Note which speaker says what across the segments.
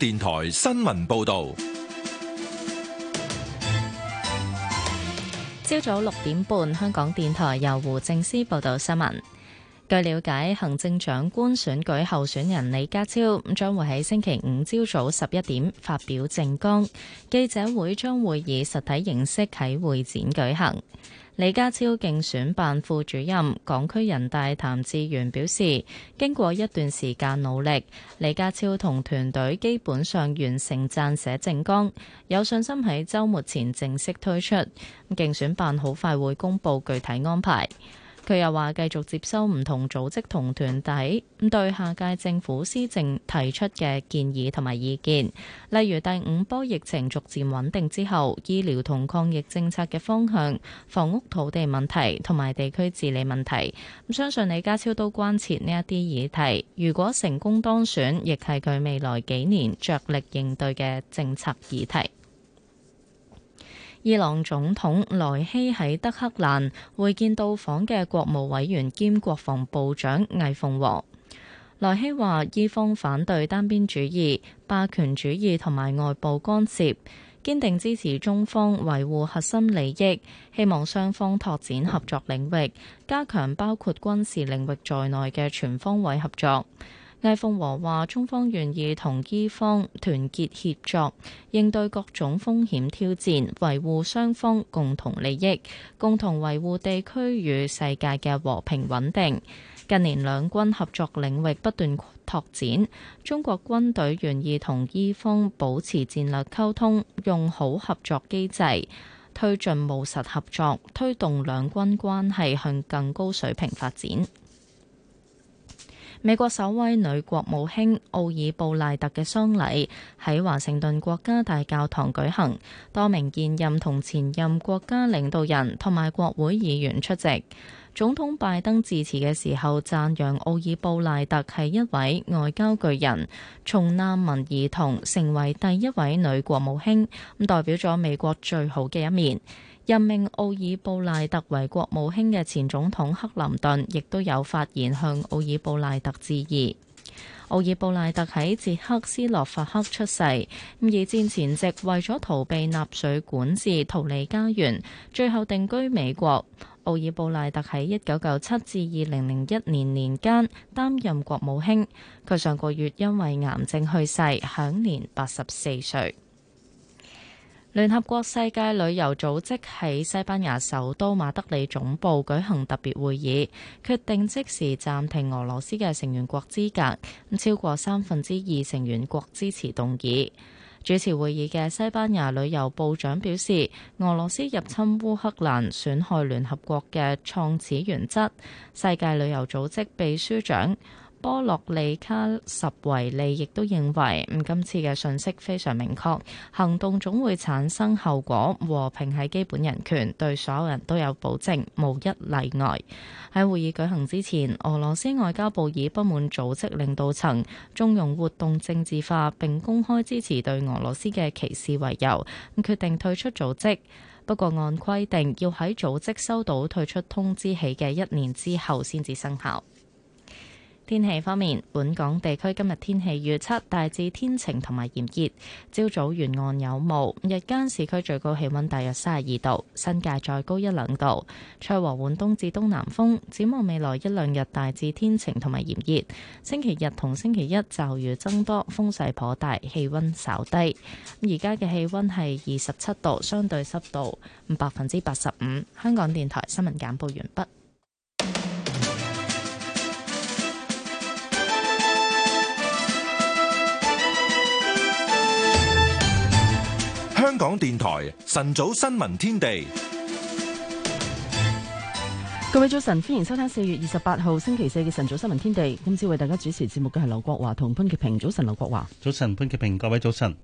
Speaker 1: 電台新聞報道，
Speaker 2: 朝早
Speaker 3: 六點半，香港電台由胡正思報道新聞。據了解，行政長官選舉候選人李家超咁將會喺星期五朝早十一點發表政綱，記者會將會以實體形式喺會展舉行。李家超競選辦副主任、港區人大譚志源表示，經過一段時間努力，李家超同團隊基本上完成撰寫政綱，有信心喺週末前正式推出。競選辦好快會公布具體安排。佢又話：繼續接收唔同組織同團體對下屆政府施政提出嘅建議同埋意見，例如第五波疫情逐漸穩定之後，醫療同抗疫政策嘅方向、房屋土地問題同埋地區治理問題。咁相信李家超都關切呢一啲議題。如果成功當選，亦係佢未來幾年着力應對嘅政策議題。伊朗總統萊希喺德黑蘭會見到訪嘅國務委員兼國防部長魏鳳和。萊希話，伊方反對單邊主義、霸權主義同埋外部干涉，堅定支持中方維護核心利益，希望雙方拓展合作領域，加強包括軍事領域在內嘅全方位合作。魏鳳和話：中方願意同伊方團結協作，應對各種風險挑戰，維護雙方共同利益，共同維護地區與世界嘅和平穩定。近年兩軍合作領域不斷拓展，中國軍隊願意同伊方保持戰略溝通，用好合作機制，推進務實合作，推動兩軍關係向更高水平發展。美國首位女國務卿奧爾布賴特嘅喪禮喺華盛頓國家大教堂舉行，多名現任同前任國家領導人同埋國會議員出席。總統拜登致辭嘅時候讚揚奧爾布賴特係一位外交巨人，從難民兒童成為第一位女國務卿咁，代表咗美國最好嘅一面。任命奧爾布賴特為國務卿嘅前總統克林頓亦都有發言，向奧爾布賴特致意。奧爾布賴特喺捷克斯洛伐克出世，二戰前夕為咗逃避納粹管治，逃離家園，最後定居美國。奧爾布賴特喺一九九七至二零零一年年間擔任國務卿，佢上個月因為癌症去世，享年八十四歲。聯合國世界旅遊組織喺西班牙首都馬德里總部舉行特別會議，決定即時暫停俄羅斯嘅成員國資格。咁超過三分之二成員國支持動議。主持會議嘅西班牙旅遊部長表示，俄羅斯入侵烏克蘭損害聯合國嘅創始原則。世界旅遊組織秘書長，波洛利卡什維利亦都認為咁今次嘅信息非常明確，行動總會產生後果。和平係基本人權，對所有人都有保證無一例外。喺會議舉行之前，俄羅斯外交部以不滿組織領導層縱容活動政治化並公開支持對俄羅斯嘅歧視為由，決定退出組織。不過按規定要喺組織收到退出通知起嘅一年之後先至生效。天氣方面，本港地區今日天，天氣預測大致天晴同埋炎熱，朝早沿岸有霧，日間市區最高氣温大約三十二度，新界再高一兩度。吹和緩東至東南風，展望未來一兩日大致天晴同埋炎熱。星期日同星期一驟雨增多，風勢頗大，氣温稍低。而家嘅氣温係二十七度，相對濕度百分之八十五。香港電台新聞簡報完畢。
Speaker 1: 港電台晨早新聞天地，
Speaker 4: 各位早晨，歡迎收聽四月二十八號星期四嘅晨早新聞天地。今次為大家主持節目嘅係劉國華同潘潔平。早晨，劉國華，
Speaker 5: 早晨，潘潔平，各位早晨。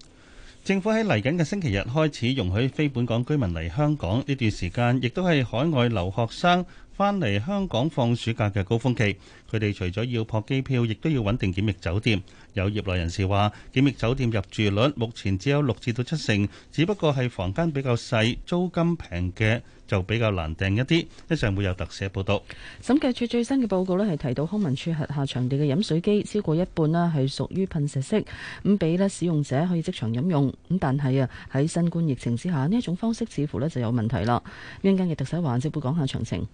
Speaker 5: 政府喺嚟緊嘅星期日開始容許非本港居民嚟香港，呢段時間，亦都係海外留學生。翻嚟香港放暑假嘅高峰期，佢哋除咗要撲機票，亦都要穩定檢疫酒店。有業內人士話，檢疫酒店入住率目前只有六至到七成，只不過係房間比較細租金平嘅就比較難訂一啲。一上會有特寫報道。
Speaker 4: 審計處最新嘅報告咧，係提到康文署轄下場地嘅飲水機超過一半啦，係屬於噴射式咁，俾咧使用者可以即場飲用。咁但係啊喺新冠疫情之下，呢一種方式似乎咧就有問題啦。一陣間嘅特寫環節會講下詳情。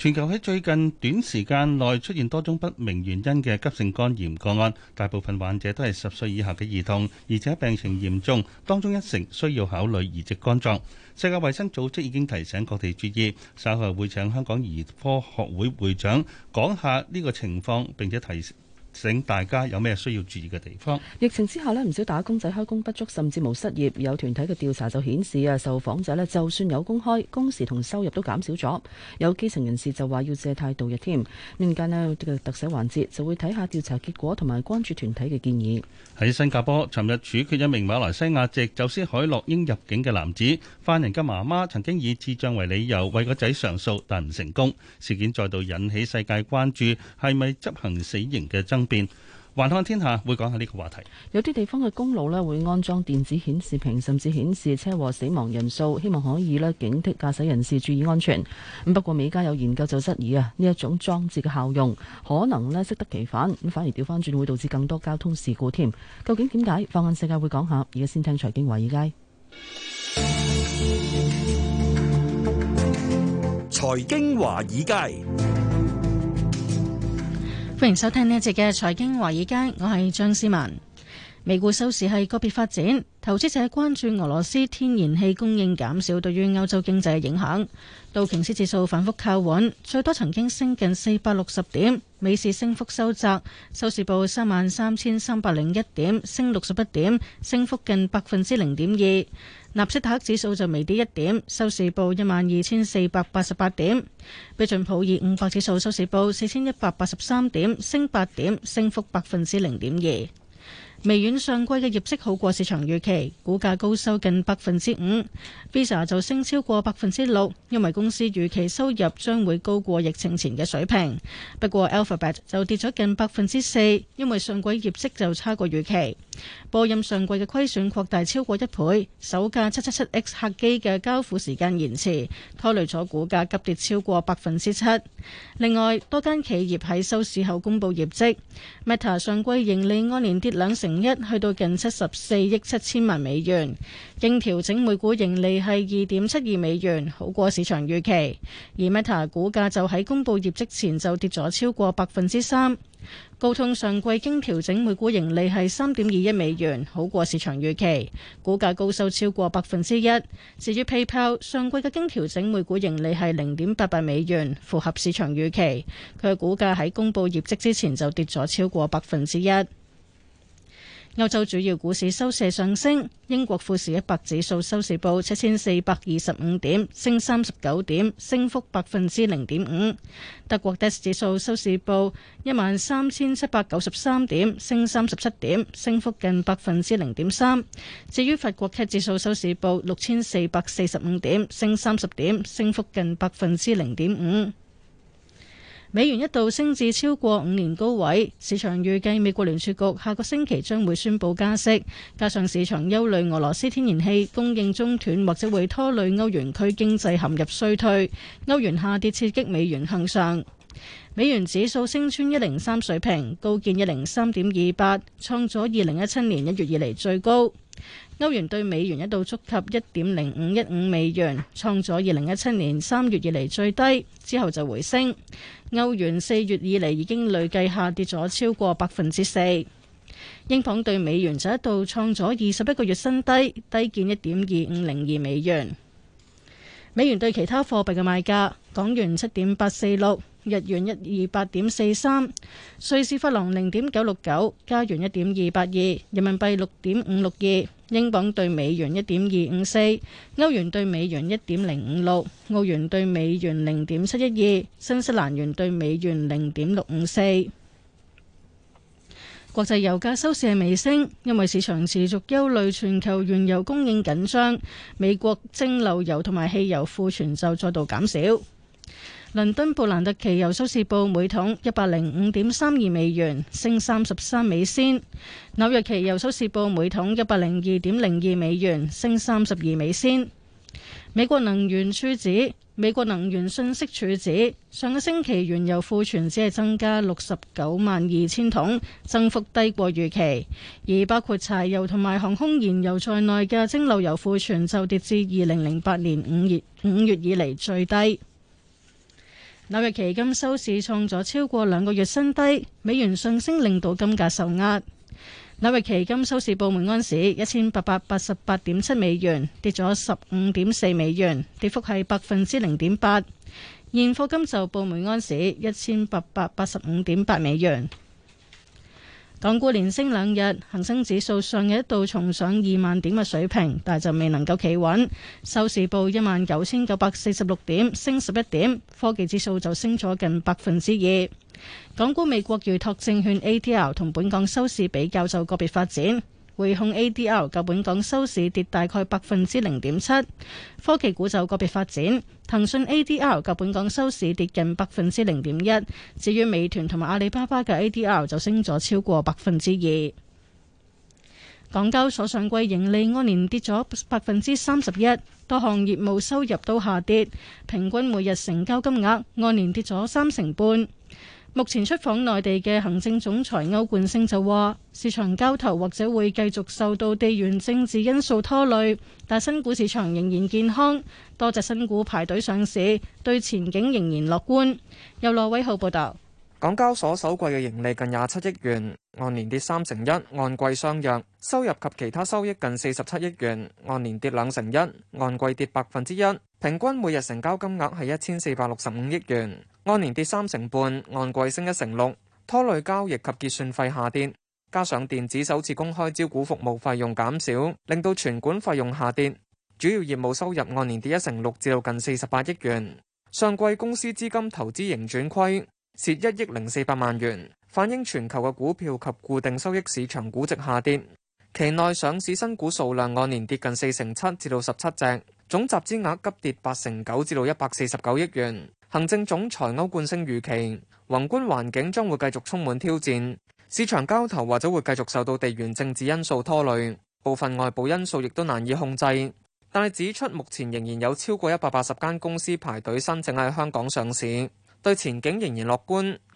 Speaker 5: 全球喺最近短時間內出現多種不明原因嘅急性肝炎個案，大部分患者都係十歲以下嘅兒童，而且病情嚴重，當中一成需要考慮移植肝臟。世界衛生組織已經提醒各地注意，稍後會請香港兒科學會會長講下呢個情況，並且提醒。請大家有咩需要注意嘅地方？
Speaker 4: 疫情之下呢，唔少打工仔開工不足，甚至冇失業。有團體嘅調查就顯示啊，受訪者咧就算有工開，工時同收入都減少咗。有基層人士就話要借貸度日添。呢間呢有特寫環節，就會睇下調查結果同埋關注團體嘅建議。
Speaker 5: 喺新加坡，尋日處決一名馬來西亞籍走私海洛英入境嘅男子。犯人嘅媽媽曾經以智障為理由為個仔上訴，但唔成功。事件再度引起世界關注，係咪執行死刑嘅爭變，環漢天下會講下呢個話題。
Speaker 4: 有啲地方嘅公路咧會安裝電子顯示屏，甚至顯示車禍死亡人數，希望可以咧警惕駕駛人士注意安全。咁不過美加有研究就質疑啊，呢一種裝置嘅效用可能咧適得其反，咁反而調翻轉會導致更多交通事故添。究竟點解？放眼世界會講下。而家先聽財經華爾街。財經華爾街。
Speaker 6: 歡迎收聽呢一節嘅財經華爾街，我係張思文。美股收市係個別發展，投資者關注俄羅斯天然氣供應減少對於歐洲經濟嘅影響。道瓊斯指數反復靠穩，最多曾經升近四百六十點。美市升幅收窄，收市報三萬三千三百零一點，升六十一點，升幅近百分之零點二。納斯達克指數就微跌一點，收市報一萬二千四百八十八點。標準普爾五百指數收市報四千一百八十三點，升八點，升幅百分之零點二。微軟上季嘅業績好過市場預期，股價高收近百分之五。Visa 就升超過百分之六，因為公司預期收入將會高過疫情前嘅水平。不過 Alphabet 就跌咗近百分之四，因為上季業績就差過預期。波音上季嘅虧損擴大超過一倍，首架 777X 客機嘅交付時間延遲，拖累咗股價急跌超過百分之七。另外，多間企業喺收市後公布業績，Meta 上季盈利按年跌兩成一，去到近七十四億七千萬美元，經調整每股盈利係二點七二美元，好過市場預期，而 Meta 股價就喺公布業績前就跌咗超過百分之三。高通上季經調整每股盈利係三點二億美元，好過市場預期，股價高收超過百分之一。至於 PayPal，上季嘅經調整每股盈利係零點八八美元，符合市場預期，佢嘅股價喺公布業績之前就跌咗超過百分之一。歐洲主要股市收市上升，英國富時一百指數收市報七千四百二十五點，升三十九點，升幅百分之零點五。德國 DAX 指數收市報一萬三千七百九十三點，升三十七點，升幅近百分之零點三。至於法國 CAC 指數收市報六千四百四十五點，升三十點，升幅近百分之零點五。美元一度升至超過五年高位，市場預計美國聯儲局下個星期將會宣布加息，加上市場憂慮俄羅斯天然氣供應中斷或者會拖累歐元區經濟陷入衰退，歐元下跌刺激美元向上，美元指數升穿一零三水平，高見一零三點二八，創咗二零一七年一月以嚟最高。歐元對美元一度觸及一點零五一五美元，創咗二零一七年三月以嚟最低，之後就回升。歐元四月以嚟已經累計下跌咗超過百分之四。英鎊對美元就一度創咗二十一個月新低，低見一點二五零二美元。美元對其他貨幣嘅賣價，港元七點八四六。日元一二八點四三，瑞士法郎零點九六九，加元一點二八二，人民幣六點五六二，英鎊兌美元一點二五四，歐元兌美元一點零五六，澳元兌美元零點七一二，新西蘭元兌美元零點六五四。國際油價收市係微升，因為市場持續憂慮全球原油供應緊張，美國蒸餾油同埋汽油庫存就再度減少。倫敦布蘭特期油收市報每桶一百零五點三二美元，升三十三美仙；紐約期油收市報每桶一百零二點零二美元，升三十二美仙。美國能源署指，美國能源信息署指，上個星期原油庫存只係增加六十九萬二千桶，增幅低過預期，而包括柴油同埋航空燃油在內嘅蒸餾油庫存就跌至二零零八年五月五月以嚟最低。紐約期金收市創咗超過兩個月新低，美元上升令到金價受壓。紐約期金收市報每安士一千八百八十八點七美元，跌咗十五點四美元，跌幅係百分之零點八。現貨金就報每安士一千八百八十五點八美元。港股連升兩日，恒生指數上日一度重上二萬點嘅水平，但係就未能夠企穩。收市報一萬九千九百四十六點，升十一點。科技指數就升咗近百分之二。港股美國預託證券 ATL 同本港收市比較就個別發展。匯控 ADR 較本港收市跌大概百分之零點七，科技股就個別發展，騰訊 ADR 較本港收市跌近百分之零點一，至於美團同埋阿里巴巴嘅 ADR 就升咗超過百分之二。港交所上季盈利按年跌咗百分之三十一，多項業務收入都下跌，平均每日成交金額按年跌咗三成半。目前出訪內地嘅行政總裁歐冠升就話：市場交投，或者會繼續受到地緣政治因素拖累，但新股市場仍然健康，多隻新股排隊上市，對前景仍然樂觀。由羅偉浩報道。
Speaker 7: 港交所首季嘅盈利近廿七億元，按年跌三成一，按季相若；收入及其他收益近四十七億元，按年跌兩成一，按季跌百分之一。平均每日成交金額係一千四百六十五億元。按年跌三成半，按季升一成六，拖累交易及結算費下跌。加上電子首次公開招股服務費用減少，令到存管費用下跌。主要業務收入按年跌一成六，至到近四十八億元。上季公司資金投資盈轉虧，蝕一億零四百萬元，反映全球嘅股票及固定收益市場估值下跌。期內上市新股數量按年跌近四成七，至到十七隻，總集資額急跌八成九，至到一百四十九億元。行政總裁歐冠升預期，宏觀環境將會繼續充滿挑戰，市場交投或者會繼續受到地緣政治因素拖累，部分外部因素亦都難以控制。但係指出，目前仍然有超過一百八十間公司排隊申請喺香港上市，對前景仍然樂觀。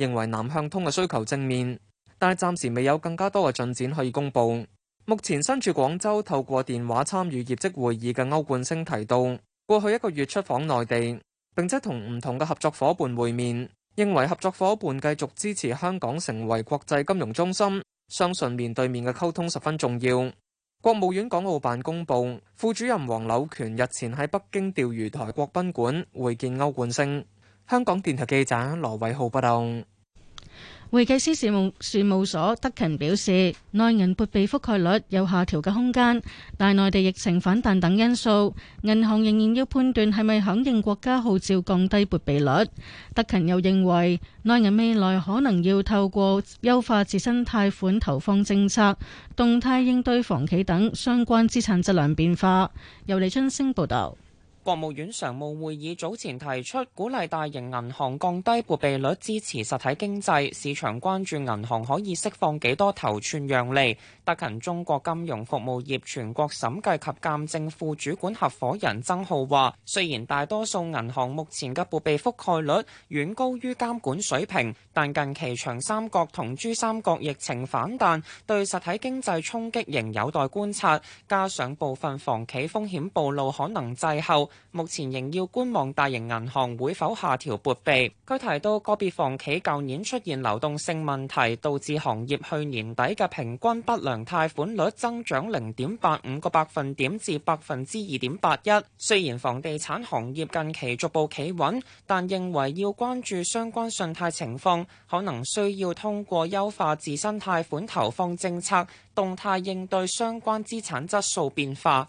Speaker 7: 認為南向通嘅需求正面，但係暫時未有更加多嘅進展可以公布。目前身處廣州，透過電話參與業績會議嘅歐冠星提到，過去一個月出訪內地，並且同唔同嘅合作夥伴會面，認為合作夥伴繼續支持香港成為國際金融中心，相信面對面嘅溝通十分重要。國務院港澳辦公布，副主任黃柳權日前喺北京釣魚台國賓館會見歐冠星。香港電台記者羅偉浩報道，
Speaker 6: 會計師事務事務所德勤表示，內銀撥備覆蓋率有下調嘅空間，但內地疫情反彈等因素，銀行仍然要判斷係咪響應國家號召降低撥備率。德勤又認為，內銀未來可能要透過優化自身貸款投放政策，動態應對房企等相關資產質量變化。由李春升報道。
Speaker 8: 國務院常務會議早前提出鼓勵大型銀行降低撥備率，支持實體經濟。市場關注銀行可以釋放幾多頭寸讓利。德勤中國金融服務業全國審計及鑒證副主管合伙人曾浩話：雖然大多數銀行目前嘅撥備覆蓋率遠高於監管水平，但近期長三角同珠三角疫情反彈，對實體經濟衝擊仍有待觀察。加上部分房企風險暴露可能滯後。目前仍要觀望大型銀行會否下調撥備。佢提到個別房企舊年出現流動性問題，導致行業去年底嘅平均不良貸款率增長零點八五個百分點至百分之二點八一。雖然房地產行業近期逐步企穩，但認為要關注相關信貸情況，可能需要通過優化自身貸款投放政策，動態應對相關資產質素變化。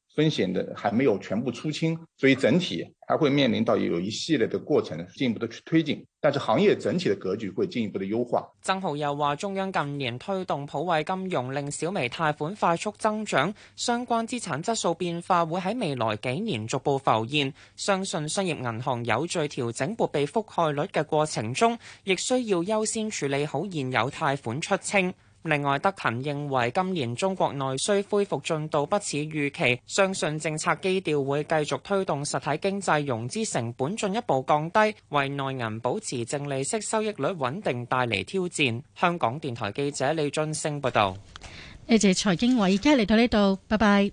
Speaker 1: 風險的還沒有全部出清，所以整體，還會面臨到有一系列的過程，進一步的去推進，但是行業整體的格局會進一步的優化。
Speaker 8: 曾豪又話中央近年推動普惠金融，令小微貸款快速增長，相關資產質素變化會喺未來幾年逐步浮現，相信商業銀行有序調整撥備覆蓋率嘅過程中，亦需要優先處理好現有貸款出清。另外，德勤認為今年中國內需恢復進度不似預期，相信政策基調會繼續推動實體經濟融資成本進一步降低，為內銀保持淨利息收益率穩定帶嚟挑戰。香港電台記者李進勝報道：
Speaker 6: 「誒，謝謝財經委，而家嚟到呢度，拜拜。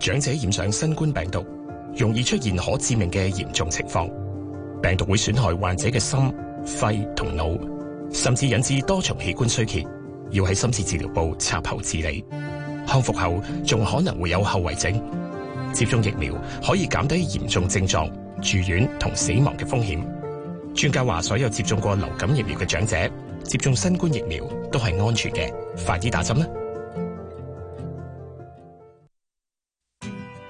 Speaker 9: 長者染上新冠病毒，容易出現可致命嘅嚴重情況，病毒會損害患者嘅心、肺同腦。甚至引致多重器官衰竭，要喺深切治療部插喉治理。康復後仲可能會有後遺症。接種疫苗可以減低嚴重症狀、住院同死亡嘅風險。專家話，所有接種過流感疫苗嘅長者接種新冠疫苗都係安全嘅。快啲打針啦！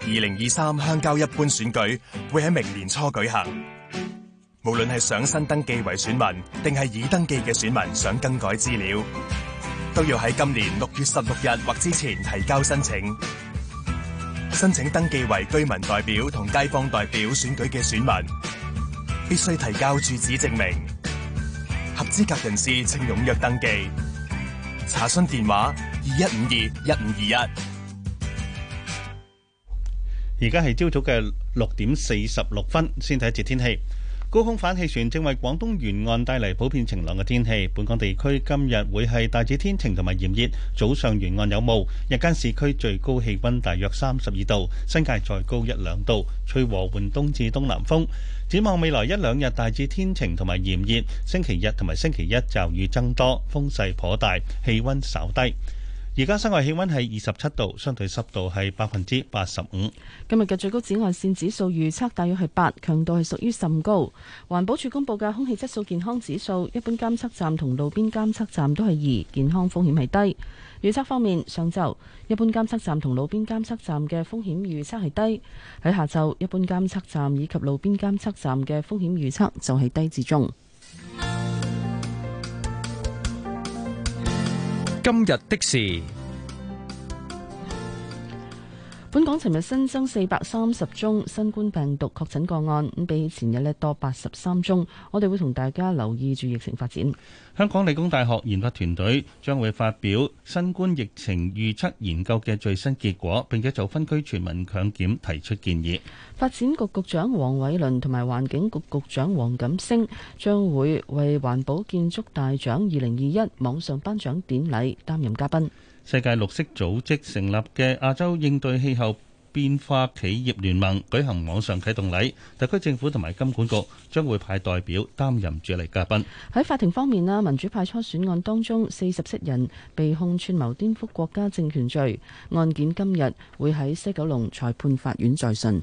Speaker 10: 二零二三鄉郊一般選舉會喺明年初舉行。無論係想新登記為選民，定係已登記嘅選民想更改資料，都要喺今年六月十六日或之前提交申請。申請登記為居民代表同街坊代表選舉嘅選民，必須提交住址證明。合資格人士請踴躍登記。查詢電話：二一五二一五二一。
Speaker 5: 而家係朝早嘅六點四十六分，先睇一節天氣。高空反氣旋正為廣東沿岸帶嚟普遍晴朗嘅天氣，本港地區今日會係大致天晴同埋炎熱，早上沿岸有霧，日間市區最高氣温大約三十二度，新界再高一兩度，吹和緩東至東南風。展望未來一兩日大致天晴同埋炎熱，星期日同埋星期一驟雨增多，風勢頗大，氣温稍低。而家室外氣温係二十七度，相對濕度係百分之八十五。
Speaker 4: 今日嘅最高紫外線指數預測大約係八，強度係屬於甚高。環保署公布嘅空氣質素健康指數，一般監測站同路邊監測站都係二，健康風險係低。預測方面，上晝一般監測站同路邊監測站嘅風險預測係低；喺下晝，一般監測站以及路邊監測站嘅風險預測就係低至中。
Speaker 11: 今日的事。
Speaker 4: 本港尋日新增四百三十宗新冠病毒確診個案，比起前日咧多八十三宗。我哋會同大家留意住疫情發展。
Speaker 5: 香港理工大學研究團隊將會發表新冠疫情預測研究嘅最新結果，並且就分區全民強檢提出建議。
Speaker 4: 發展局局長黃偉綸同埋環境局局長黃錦星將會為環保建築大獎二零二一網上頒獎典禮擔任嘉賓。
Speaker 5: 世界綠色組織成立嘅亞洲應對氣候變化企業聯盟舉行網上啟動禮，特區政府同埋金管局將會派代表擔任主禮嘉賓。
Speaker 4: 喺法庭方面啦，民主派初選案當中，四十七人被控串謀顛覆國家政權罪，案件今日會喺西九龍裁判法院再審。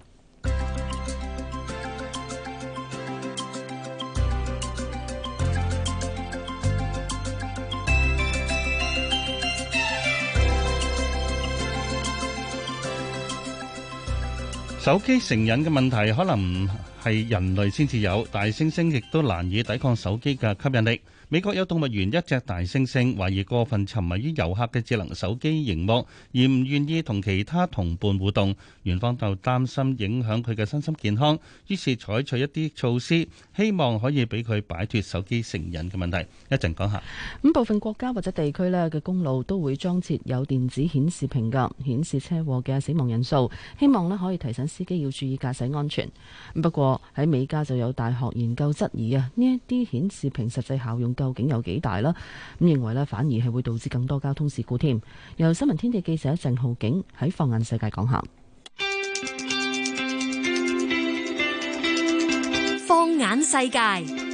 Speaker 5: 手機成癮嘅問題，可能唔係人類先至有，大猩猩亦都難以抵抗手機嘅吸引力。美國有動物園一隻大猩猩懷疑過分沉迷於遊客嘅智能手機熒幕，而唔願意同其他同伴互動，園方就擔心影響佢嘅身心健康，於是採取一啲措施，希望可以俾佢擺脫手機成癮嘅問題。講一陣講下，部
Speaker 4: 分國家或者地區呢嘅公路都會裝設有電子顯示屏噶，顯示車禍嘅死亡人數，希望呢可以提醒司機要注意駕駛安全。不過喺美加就有大學研究質疑啊，呢一啲顯示屏實際效用。究竟有幾大啦？咁認為咧，反而係會導致更多交通事故添。由新聞天地記者鄭浩景喺放眼世
Speaker 3: 界講下。放眼世界，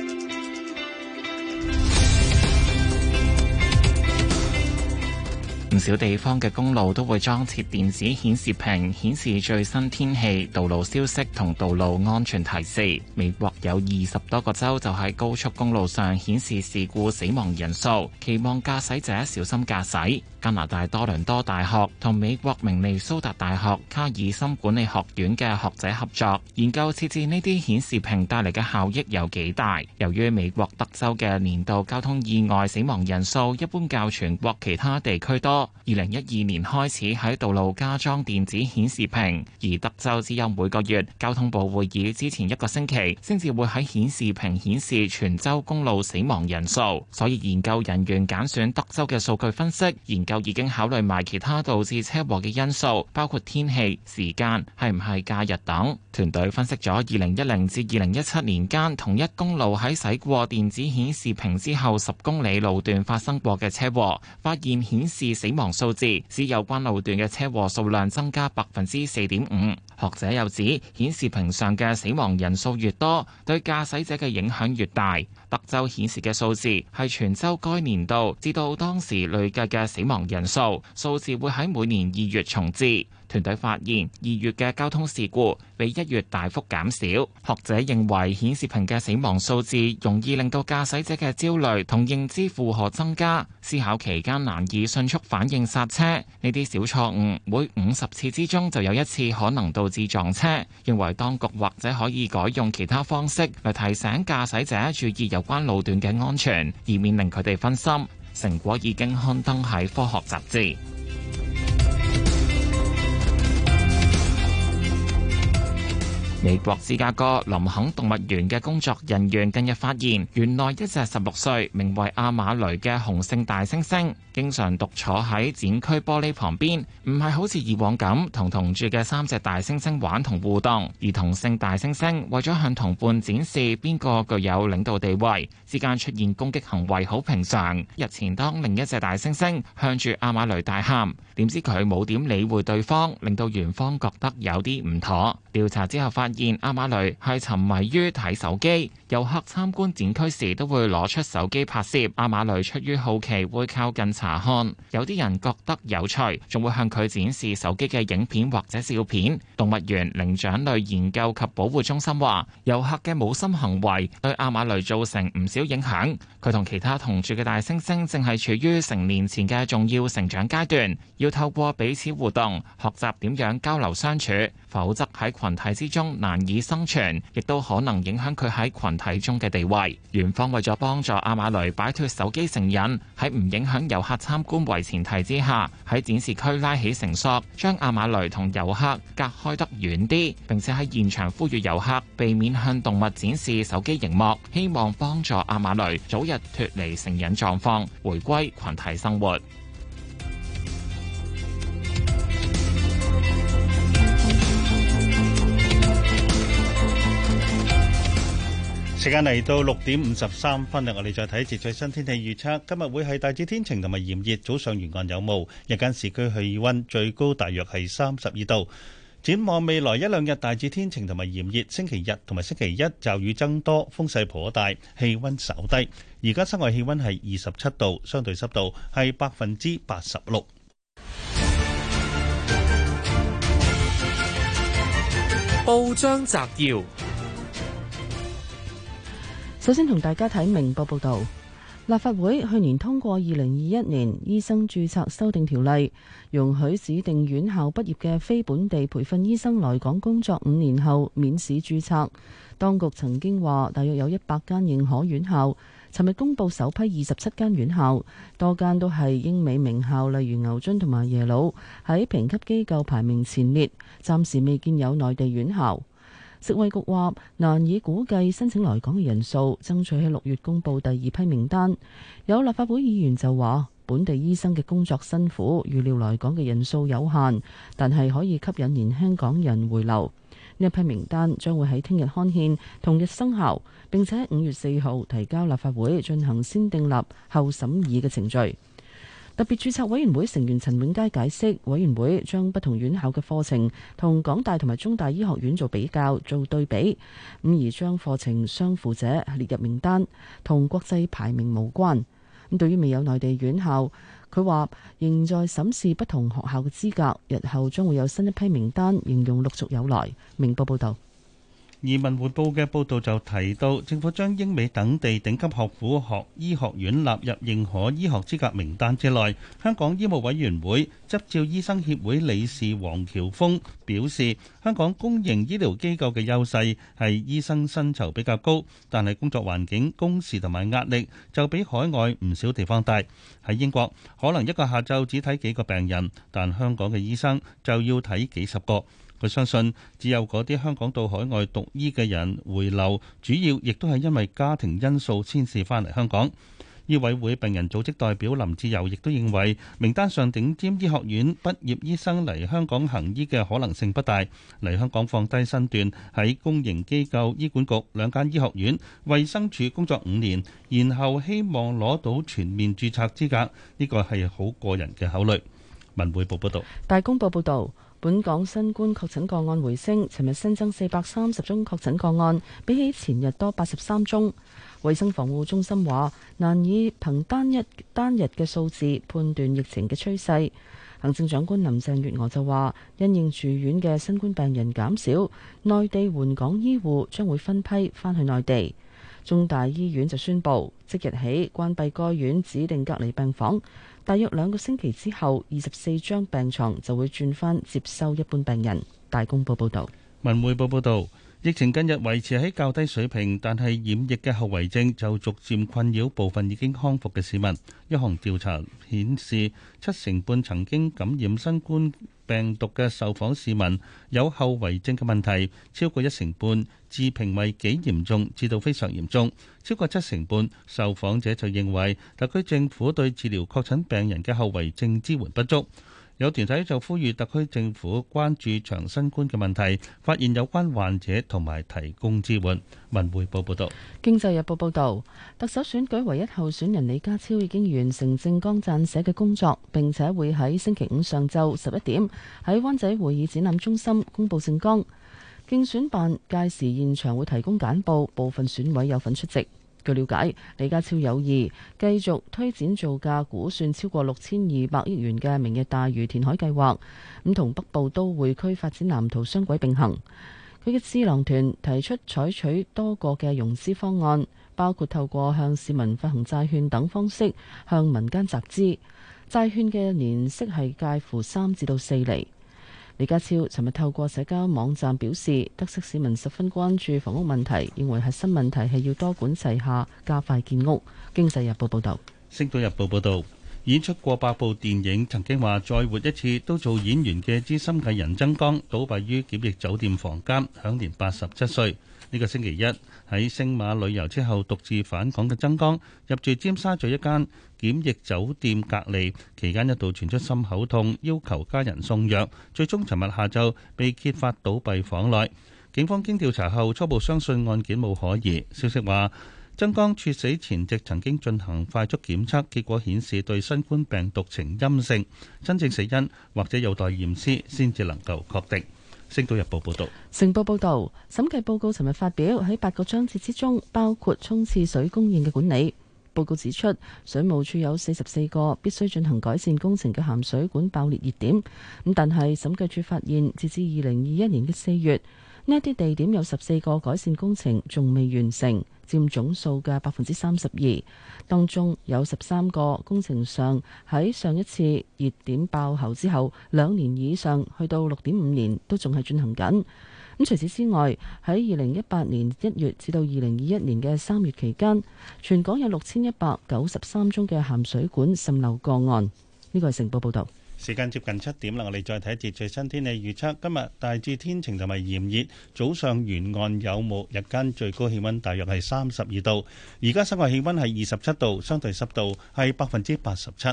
Speaker 12: 唔少地方嘅公路都會裝設電子顯示屏，顯示最新天氣、道路消息同道路安全提示。美國。有二十多個州就喺高速公路上顯示事故死亡人數，期望駕駛者小心駕駛。加拿大多倫多大學同美國明尼蘇達大學卡爾森管理學院嘅學者合作研究設置呢啲顯示屏帶嚟嘅效益有幾大？由於美國德州嘅年度交通意外死亡人數一般較全國其他地區多，二零一二年開始喺道路加裝電子顯示屏，而德州只有每個月交通部會議之前一個星期先至。亦會喺顯示屏顯示全州公路死亡人數，所以研究人員揀選德州嘅數據分析研究，已經考慮埋其他導致車禍嘅因素，包括天氣、時間、係唔係假日等。團隊分析咗二零一零至二零一七年間同一公路喺駛過電子顯示屏之後十公里路段發生過嘅車禍，發現顯示死亡數字使有關路段嘅車禍數量增加百分之四點五。學者又指，顯示屏上嘅死亡人數越多。對駕駛者嘅影響越大，德州顯示嘅數字係全州該年度至到當時累計嘅死亡人數，數字會喺每年二月重置。團隊發現二月嘅交通事故比一月大幅減少。學者認為顯示屏嘅死亡數字容易令到駕駛者嘅焦慮同認知負荷增加，思考期間難以迅速反應剎車。呢啲小錯誤每五十次之中就有一次可能導致撞車。認為當局或者可以改用其他方式嚟提醒駕駛者注意有關路段嘅安全，以免令佢哋分心。成果已經刊登喺科學雜誌。美國芝加哥林肯動物園嘅工作人員近日發現，原來一隻十六歲、名為阿馬雷嘅雄性大猩猩，經常獨坐喺展區玻璃旁邊，唔係好似以往咁同同住嘅三隻大猩猩玩同互動。而同性大猩猩為咗向同伴展示邊個具有領導地位，之間出現攻擊行為好平常。日前當另一隻大猩猩向住阿馬雷大喊，點知佢冇點理會對方，令到園方覺得有啲唔妥。調查之後發現。發現阿馬雷係沉迷於睇手機，遊客參觀展區時都會攞出手機拍攝。阿馬雷出於好奇會靠近查看，有啲人覺得有趣，仲會向佢展示手機嘅影片或者照片。動物園靈長類研究及保護中心話，遊客嘅冇心行為對阿馬雷造成唔少影響。佢同其他同住嘅大猩猩正係處於成年前嘅重要成長階段，要透過彼此互動，學習點樣交流相處。否則喺群體之中難以生存，亦都可能影響佢喺群體中嘅地位。園方為咗幫助阿馬雷擺脱手機成癮，喺唔影響遊客參觀為前提之下，喺展示區拉起繩索，將阿馬雷同遊客隔開得遠啲，並且喺現場呼籲遊客避免向動物展示手機熒幕，希望幫助阿馬雷早日脱離成癮狀況，回歸群體生活。
Speaker 5: 時間嚟到六點五十三分啦，我哋再睇一次最新天氣預測。今日會係大致天晴同埋炎熱，早上沿岸有霧，日間市區氣溫最高大約係三十二度。展望未來一兩日大致天晴同埋炎熱，星期日同埋星期一驟雨增多，風勢頗大，氣溫稍低。而家室外氣溫係二十七度，相對濕度係百分之八十六。報章摘要。
Speaker 4: 首先同大家睇明報報道，立法會去年通過《二零二一年醫生註冊修訂條例》，容許指定院校畢業嘅非本地培訓醫生來港工作五年後免試註冊。當局曾經話，大約有一百間認可院校。尋日公布首批二十七間院校，多間都係英美名校，例如牛津同埋耶魯，喺評級機構排名前列。暫時未見有內地院校。食衛局話難以估計申請來港嘅人數，爭取喺六月公布第二批名單。有立法會議員就話，本地醫生嘅工作辛苦，預料來港嘅人數有限，但係可以吸引年輕港人回流。呢一批名單將會喺聽日刊憲，同日生效，並且五月四號提交立法會進行先訂立後審議嘅程序。特別註冊委員會成員陳永佳解釋，委員會將不同院校嘅課程同港大同埋中大醫學院做比較，做對比，咁而將課程相符者列入名單，同國際排名無關。咁對於未有內地院校，佢話仍在審視不同學校嘅資格，日後將會有新一批名單，形容陸續有來。明報報道。
Speaker 5: 而《移民活報》嘅報導就提到，政府將英美等地頂級學府、學醫學院納入認可醫學資格名單之內。香港醫務委員會執照醫生協會理事黃喬峯表示，香港公營醫療機構嘅優勢係醫生薪酬比較高，但係工作環境、工時同埋壓力就比海外唔少地方大。喺英國，可能一個下晝只睇幾個病人，但香港嘅醫生就要睇幾十個。佢相信只有嗰啲香港到海外讀醫嘅人回流，主要亦都係因為家庭因素先至翻嚟香港。醫委會病人組織代表林志友亦都認為名單上頂尖醫學院畢業醫生嚟香港行醫嘅可能性不大。嚟香港放低身段喺公營機構、醫管局兩間醫學院、衛生署工作五年，然後希望攞到全面註冊資格，呢個係好個人嘅考慮。文匯報報道
Speaker 4: 大公報報道。本港新冠確診個案回升，尋日新增四百三十宗確診個案，比起前日多八十三宗。衛生防護中心話難以憑單一單日嘅數字判斷疫情嘅趨勢。行政長官林鄭月娥就話，因應住院嘅新冠病人減少，內地援港醫護將會分批返去內地。中大醫院就宣布即日起關閉該院指定隔離病房。大約兩個星期之後，二十四張病床就會轉返接收一般病人。大公報報道。
Speaker 5: 文匯報報道。疫情近日維持喺較低水平，但係染疫嘅後遺症就逐漸困擾部分已經康復嘅市民。一項調查顯示，七成半曾經感染新冠病毒嘅受訪市民有後遺症嘅問題，超過一成半自評為幾嚴重，至到非常嚴重。超過七成半受訪者就認為特區政府對治療確診病人嘅後遺症支援不足。有團體就呼籲特區政府關注長新冠嘅問題，發現有關患者同埋提供支援。《文匯報》報道。
Speaker 4: 《經濟日報》報道，特首選舉唯一候選人李家超已經完成政綱撰寫嘅工作，並且會喺星期五上晝十一點喺灣仔會議展覽中心公布政綱。競選辦屆時現場會提供簡報，部分選委有份出席。據了解，李家超有意繼續推展造價估算超過六千二百億元嘅明日大嶼填海計劃，咁同北部都會區發展藍圖雙軌並行。佢嘅智囊團，提出採取多個嘅融資方案，包括透過向市民發行債券等方式向民間集資，債券嘅年息係介乎三至到四厘。李家超尋日透過社交網站表示，得悉市民十分關注房屋問題，認為核心問題係要多管齊下，加快建屋。經濟日報報導，
Speaker 5: 星島日報報導，演出過八部電影，曾經話再活一次都做演員嘅資深藝人曾江，倒斃於檢疫酒店房間，享年八十七歲。呢個星期一喺星馬旅遊之後獨自返港嘅曾江，入住尖沙咀一間檢疫酒店隔離期間一度傳出心口痛，要求家人送藥，最終尋日下晝被揭發倒斃房內。警方經調查後初步相信案件冇可疑。消息話，曾江猝死前夕曾經進行快速檢測，結果顯示對新冠病毒呈陰性，真正死因或者有待驗屍先至能夠確定。星島日報報道，
Speaker 4: 成報報道，審計報告尋日發表喺八個章節之中，包括沖廁水供應嘅管理。報告指出，水務署有四十四個必須進行改善工程嘅鹹水管爆裂熱點。咁但係審計處發現，截至二零二一年嘅四月，呢一啲地點有十四個改善工程仲未完成。佔總數嘅百分之三十二，當中有十三個工程上喺上一次熱點爆喉之後兩年以上，去到六點五年都仲係進行緊。咁除此之外，喺二零一八年一月至到二零二一年嘅三月期間，全港有六千一百九十三宗嘅鹹水管滲漏個案。呢個係成報報道。
Speaker 5: 時間接近七點啦，我哋再睇一節最新天氣預測。今日大致天晴同埋炎熱，早上沿岸有霧，日間最高氣溫大約係三十二度。而家室外氣溫係二十七度，相對濕度係百分之八十
Speaker 13: 七。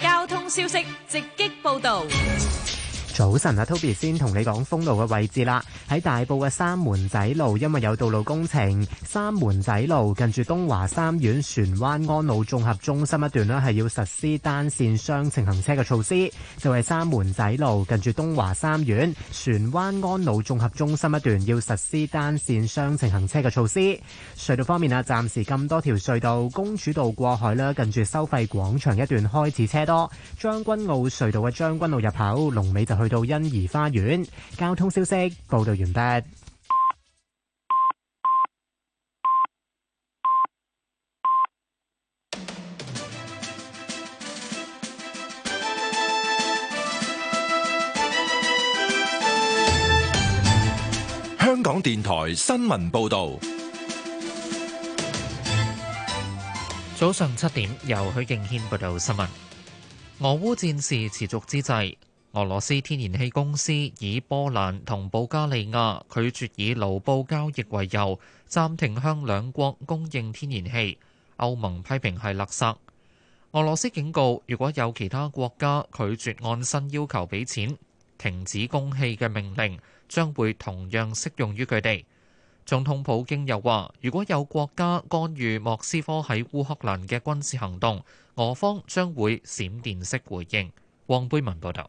Speaker 14: 交通消息，直擊報道。
Speaker 13: 早晨啊，Toby 先同你講封路嘅位置啦。喺大埔嘅三門仔路，因為有道路工程，三門仔路近住東華三院荃灣安老綜合中心一段咧，係要實施單線雙程行車嘅措施。就係、是、三門仔路近住東華三院荃灣安老綜合中心一段要實施單線雙程行車嘅措施。隧道方面啊，暫時咁多條隧道，公主道過海啦，近住收費廣場一段開始車多。將軍澳隧道嘅將軍澳入口龍尾就去到欣怡花園交通消息報道完畢。
Speaker 1: 香港電台新聞報道，早上七點由
Speaker 15: 許敬軒報道新聞。俄烏戰事持續之際。俄羅斯天然氣公司以波蘭同保加利亞拒絕以盧布交易為由，暫停向兩國供應天然氣。歐盟批評係勒索。俄羅斯警告，如果有其他國家拒絕按新要求俾錢，停止供氣嘅命令將會同樣適用於佢哋。總統普京又話：如果有國家干預莫斯科喺烏克蘭嘅軍事行動，俄方將會閃電式回應。黃貝文報道。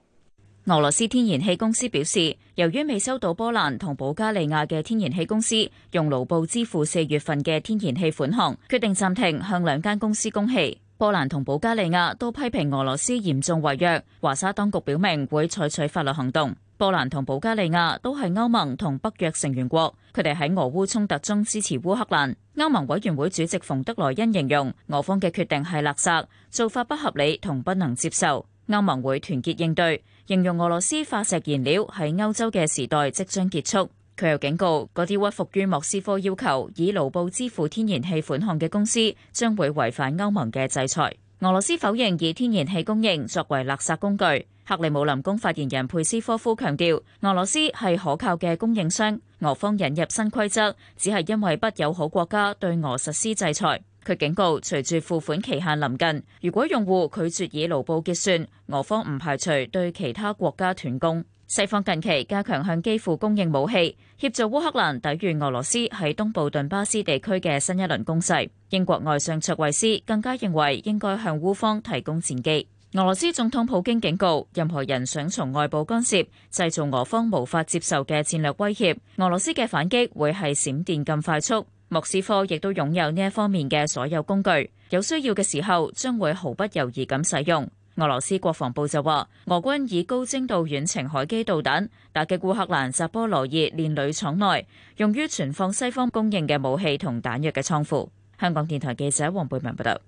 Speaker 2: 俄羅斯天然氣公司表示，由於未收到波蘭同保加利亞嘅天然氣公司用盧布支付四月份嘅天然氣款項，決定暫停向兩間公司供氣。波蘭同保加利亞都批評俄羅斯嚴重違約。華沙當局表明會採取法律行動。波蘭同保加利亞都係歐盟同北約成員國，佢哋喺俄烏衝突中支持烏克蘭。歐盟委員會主席馮德萊恩形容俄方嘅決定係勒索，做法不合理同不能接受。歐盟會團結應對。形容俄羅斯化石燃料喺歐洲嘅時代即將結束。佢又警告，嗰啲屈服於莫斯科要求以盧布支付天然氣款項嘅公司將會違反歐盟嘅制裁。俄羅斯否認以天然氣供應作為勒索工具。克里姆林宮發言人佩斯科夫強調，俄羅斯係可靠嘅供應商。俄方引入新規則，只係因為不友好國家對俄實施制裁。佢警告，隨住付款期限臨近，如果用戶拒絕以盧布結算，俄方唔排除對其他國家斷供。西方近期加強向基輔供應武器，協助烏克蘭抵御俄羅斯喺東部頓巴斯地區嘅新一輪攻勢，英國外相卓慧思更加認為應該向烏方提供戰機。俄羅斯總統普京警告，任何人想從外部干涉，製造俄方無法接受嘅戰略威脅，俄羅斯嘅反擊會係閃電咁快速。莫斯科亦都擁有呢一方面嘅所有工具，有需要嘅時候將會毫不猶豫咁使用。俄羅斯國防部就話，俄軍以高精度遠程海基導彈打擊烏克蘭扎波羅熱煉鋁廠內，用於存放西方供應嘅武器同彈藥嘅倉庫。香港電台記者黃貝文報道。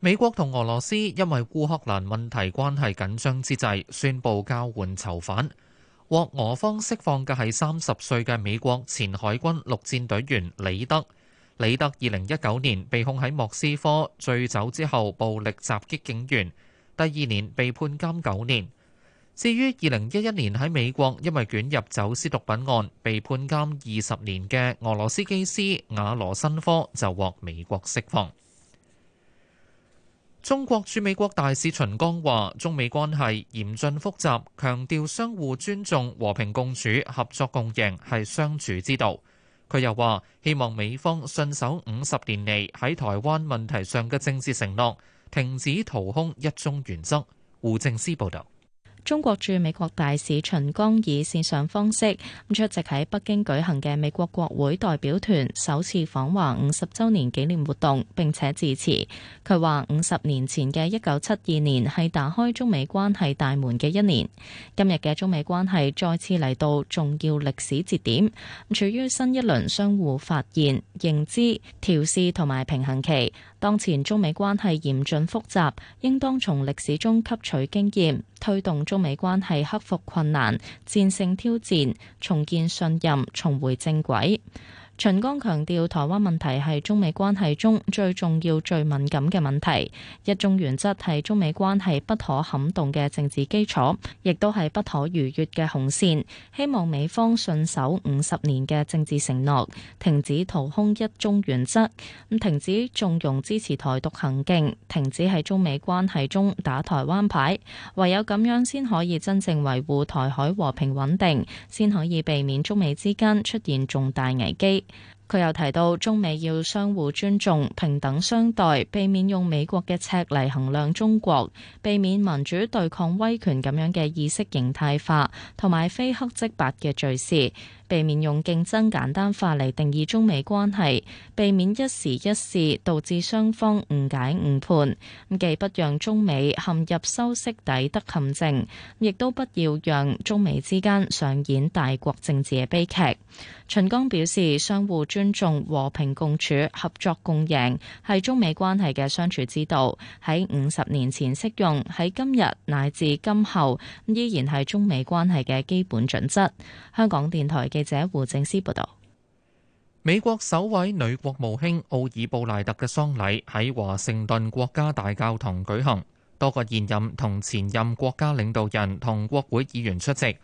Speaker 2: 美
Speaker 15: 國同俄羅斯因為烏克蘭問題關係緊張之際，宣佈交換囚犯。獲俄方釋放嘅係三十歲嘅美國前海軍陸戰隊員李德。李德二零一九年被控喺莫斯科醉酒之後暴力襲擊警員，第二年被判監九年。至於二零一一年喺美國因為捲入走私毒品案被判監二十年嘅俄羅斯機師瓦羅辛科就獲美國釋放。中國駐美國大使秦剛話：中美關係嚴峻複雜，強調相互尊重、和平共處、合作共贏係相處之道。佢又話：希望美方信守五十年嚟喺台灣問題上嘅政治承諾，停止掏空一中原則。胡正思報道。
Speaker 3: 中國駐美國大使秦剛以綫上方式出席喺北京舉行嘅美國國會代表團首次訪華五十周年紀念活動，並且致辭。佢話：五十年前嘅一九七二年係打開中美關係大門嘅一年，今日嘅中美關係再次嚟到重要歷史節點，處於新一輪相互發現、認知、調試同埋平衡期。當前中美關係嚴峻複雜，應當從歷史中吸取經驗，推動中美關係克服困難、戰勝挑戰、重建信任、重回正軌。秦剛強調，台灣問題係中美關係中最重要、最敏感嘅問題。一中原則係中美關係不可撼動嘅政治基礎，亦都係不可逾越嘅紅線。希望美方信守五十年嘅政治承諾，停止掏空一中原則，咁停止縱容支持台獨行徑，停止喺中美關係中打台灣牌。唯有咁樣先可以真正維護台海和平穩定，先可以避免中美之間出現重大危機。佢又提到，中美要相互尊重、平等相待，避免用美國嘅尺嚟衡量中國，避免民主對抗威權咁樣嘅意識形態化同埋非黑即白嘅敘事。避免用競爭簡單化嚟定義中美關係，避免一時一事導致雙方誤解誤判。既不讓中美陷入修昔底德陷阱，亦都不要讓中美之間上演大國政治嘅悲劇，秦剛表示，相互尊重、和平共處、合作共贏，係中美關係嘅相處之道，喺五十年前適用，喺今日乃至今後依然係中美關係嘅基本準則，香港電台。記者胡正思報道，美
Speaker 15: 國首位女國務卿奧爾布賴特嘅喪禮喺華盛頓國家大教堂舉行，多個現任同前任國家領導人同國會議員出席。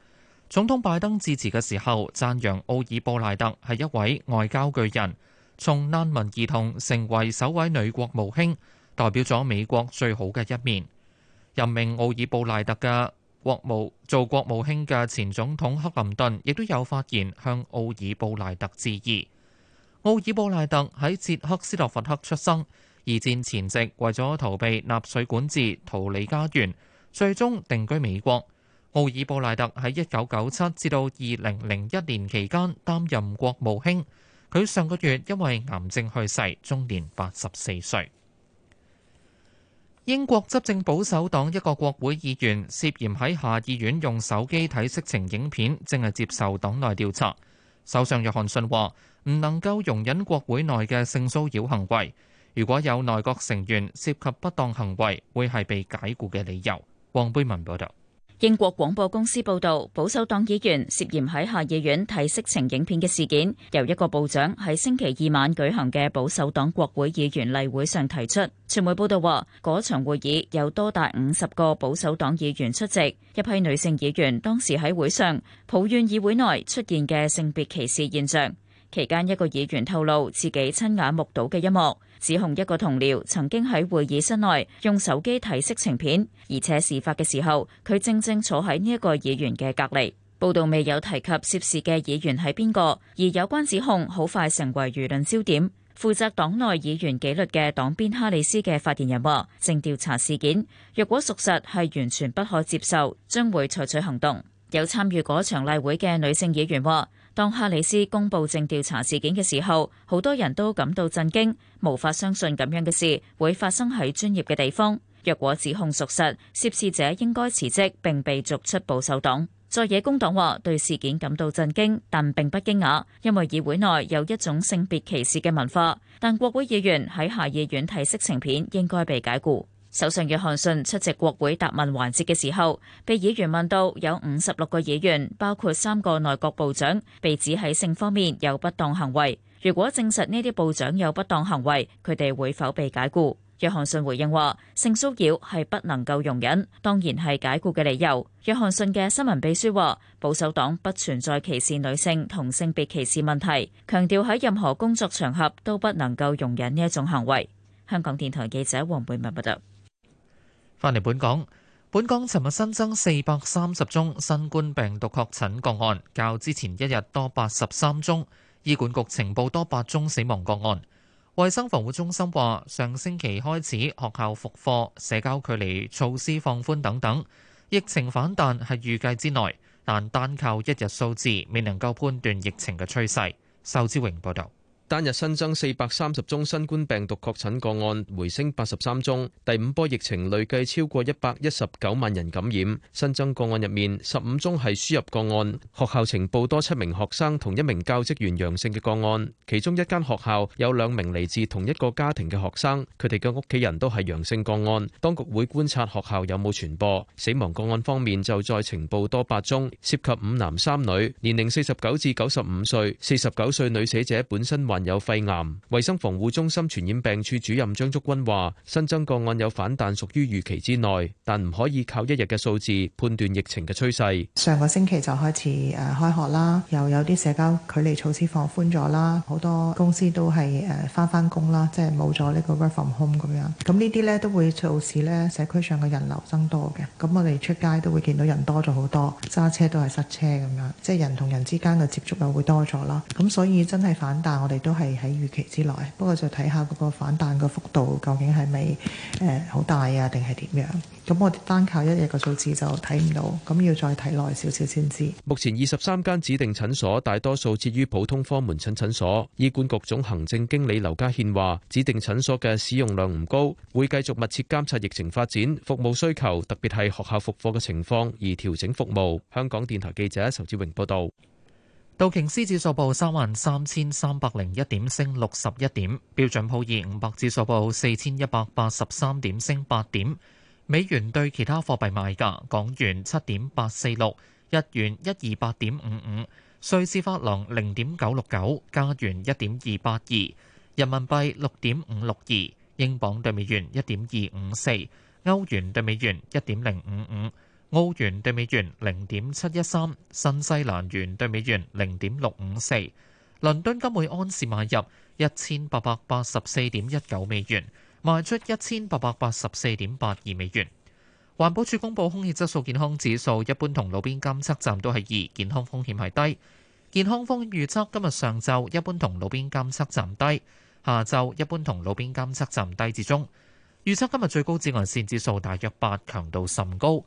Speaker 15: 總統拜登致辭嘅時候讚揚奧爾布賴特係一位外交巨人，從難民兒童成為首位女國務卿，代表咗美國最好嘅一面。任命奧爾布賴特嘅。國務做國務卿嘅前總統克林頓亦都有發言，向奧爾布賴特致意。奧爾布賴特喺捷克斯洛伐克出生，二戰前夕為咗逃避納粹管治逃離家園，最終定居美國。奧爾布賴特喺一九九七至到二零零一年期間擔任國務卿，佢上個月因為癌症去世，終年八十四歲。英國執政保守黨一個國會議員涉嫌喺下議院用手機睇色情影片，正係接受黨內調查。首相約翰遜話唔能夠容忍國會內嘅性騷擾行為，如果有內閣成員涉及不當行為，會係被解僱嘅理由。黃貝文報道。
Speaker 2: 英國廣播公司報道，保守黨議員涉嫌喺下議院睇色情影片嘅事件，由一個部長喺星期二晚舉行嘅保守黨國會議員例會上提出。傳媒報道話，嗰場會議有多達五十個保守黨議員出席，一批女性議員當時喺會上抱怨議會內出現嘅性別歧視現象。期間，一個議員透露自己親眼目睹嘅一幕。指控一個同僚曾經喺會議室內用手機睇色情片，而且事發嘅時候佢正正坐喺呢一個議員嘅隔離。報道未有提及涉事嘅議員係邊個，而有關指控好快成為輿論焦點。負責黨內議員紀律嘅黨鞭哈里斯嘅發言人話：正調查事件，若果屬實係完全不可接受，將會採取行動。有參與嗰場例會嘅女性議員話。當哈里斯公布正調查事件嘅時候，好多人都感到震驚，無法相信咁樣嘅事會發生喺專業嘅地方。若果指控屬實，涉事者應該辭職並被逐出保守黨。在野工黨話對事件感到震驚，但並不驚訝，因為議會內有一種性別歧視嘅文化。但國會議員喺下議院睇色情片應該被解僱。首相約翰遜出席國會答問環節嘅時候，被議員問到有五十六個議員，包括三個內閣部長，被指喺性方面有不當行為。如果證實呢啲部長有不當行為，佢哋會否被解僱？約翰遜回應話，性騷擾係不能夠容忍，當然係解僱嘅理由。約翰遜嘅新聞秘書話，保守黨不存在歧視女性同性別歧視問題，強調喺任何工作場合都不能夠容忍呢一種行為。香港電台記者黃貝文報道。
Speaker 15: 返嚟本港，本港尋日新增四百三十宗新冠病毒確診個案，較之前一日多八十三宗。醫管局呈報多八宗死亡個案。衛生防護中心話：上星期開始學校復課、社交距離措施放寬等等，疫情反彈係預計之內，
Speaker 11: 但單靠一日數字未能夠判斷疫情嘅趨勢。仇志榮報道。單日新增四百三十宗新冠病毒確診個案，回升八十三宗。第五波疫情累計超過一百一十九萬人感染。新增個案入面，十五宗係輸入個案。學校呈報多七名學生同一名教職員陽性嘅個案，其中一間學校有兩名嚟自同一個家庭嘅學生，佢哋嘅屋企人都係陽性個案。當局會觀察學校有冇傳播。死亡個案方面就再呈報多八宗，涉及五男三女，年齡四十九至九十五歲。四十九歲女死者本身。患有肺癌。衛生防護中心傳染病處主任張竹君話：新增個案有反彈，屬於預期之內，但唔可以靠一日嘅數字判斷疫情嘅趨勢。上個
Speaker 7: 星期就開始誒開學啦，又有啲社交距離措施放寬咗啦，好多公司都係誒翻返工啦，即係冇咗呢個 work from home 咁樣。咁呢啲咧都會促使咧社區上嘅人流增多嘅。咁我哋出街都會見到人多咗好多，揸車都係塞車咁樣，即係人同人之間嘅接觸又會多咗啦。咁所以真係反彈，我哋都係喺預期之內，不過就睇下嗰個反彈個幅度究竟係咪誒好大啊，定係點樣，咁我單靠一日個數字就睇唔到，咁要再睇耐少少
Speaker 16: 先知。
Speaker 11: 目前二十三間指定診所大多數設於普通科門診診所，醫管局總行政經理劉家憲話，指定診所嘅使用量唔高，會繼續密切監察疫情發展、服務需求，特別係學校復課嘅情況而調整服務，香港電台記者仇志榮報道。
Speaker 15: 道瓊斯指數報三萬三千三百零一點，升六十一點；標準普爾五百指數報四千一百八十三點，升八點。美元對其他貨幣賣價：港元七點八四六，日元一二八點五五，瑞士法郎零點九六九，加元一點二八二，人民幣六點五六二，英鎊對美元一點二五四，歐元對美元一點零五五。澳元對美元零點七一三，新西蘭元對美元零點六五四。倫敦金會安士買入一千八百八十四點一九美元，賣出一千八百八十四點八二美元。環保署公布空氣質素健康指數，一般同路邊監測站都係二，健康風險係低。健康風險預測今日上晝一般同路邊監測站低，下晝一般同路邊監測站低至中。預測今日最高紫外線指數大約八，強度甚高。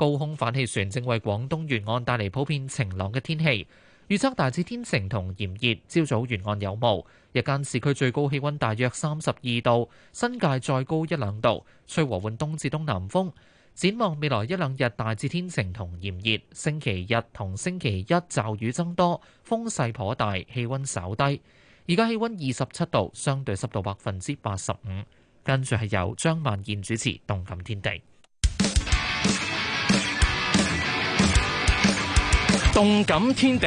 Speaker 15: 高空反氣旋正為廣東沿岸帶嚟普遍晴朗嘅天氣，預測大致天晴同炎熱，朝早沿岸有霧，日間市區最高氣温大約三十二度，新界再高一兩度，吹和緩東至東南風。展望未來一兩日大致天晴同炎熱，星期日同星期一驟雨增多，風勢頗大，氣温稍低。而家氣温二十七度，相對濕度百分之八十五。跟住係由張曼燕主持《動感天地》。
Speaker 10: 動感天地，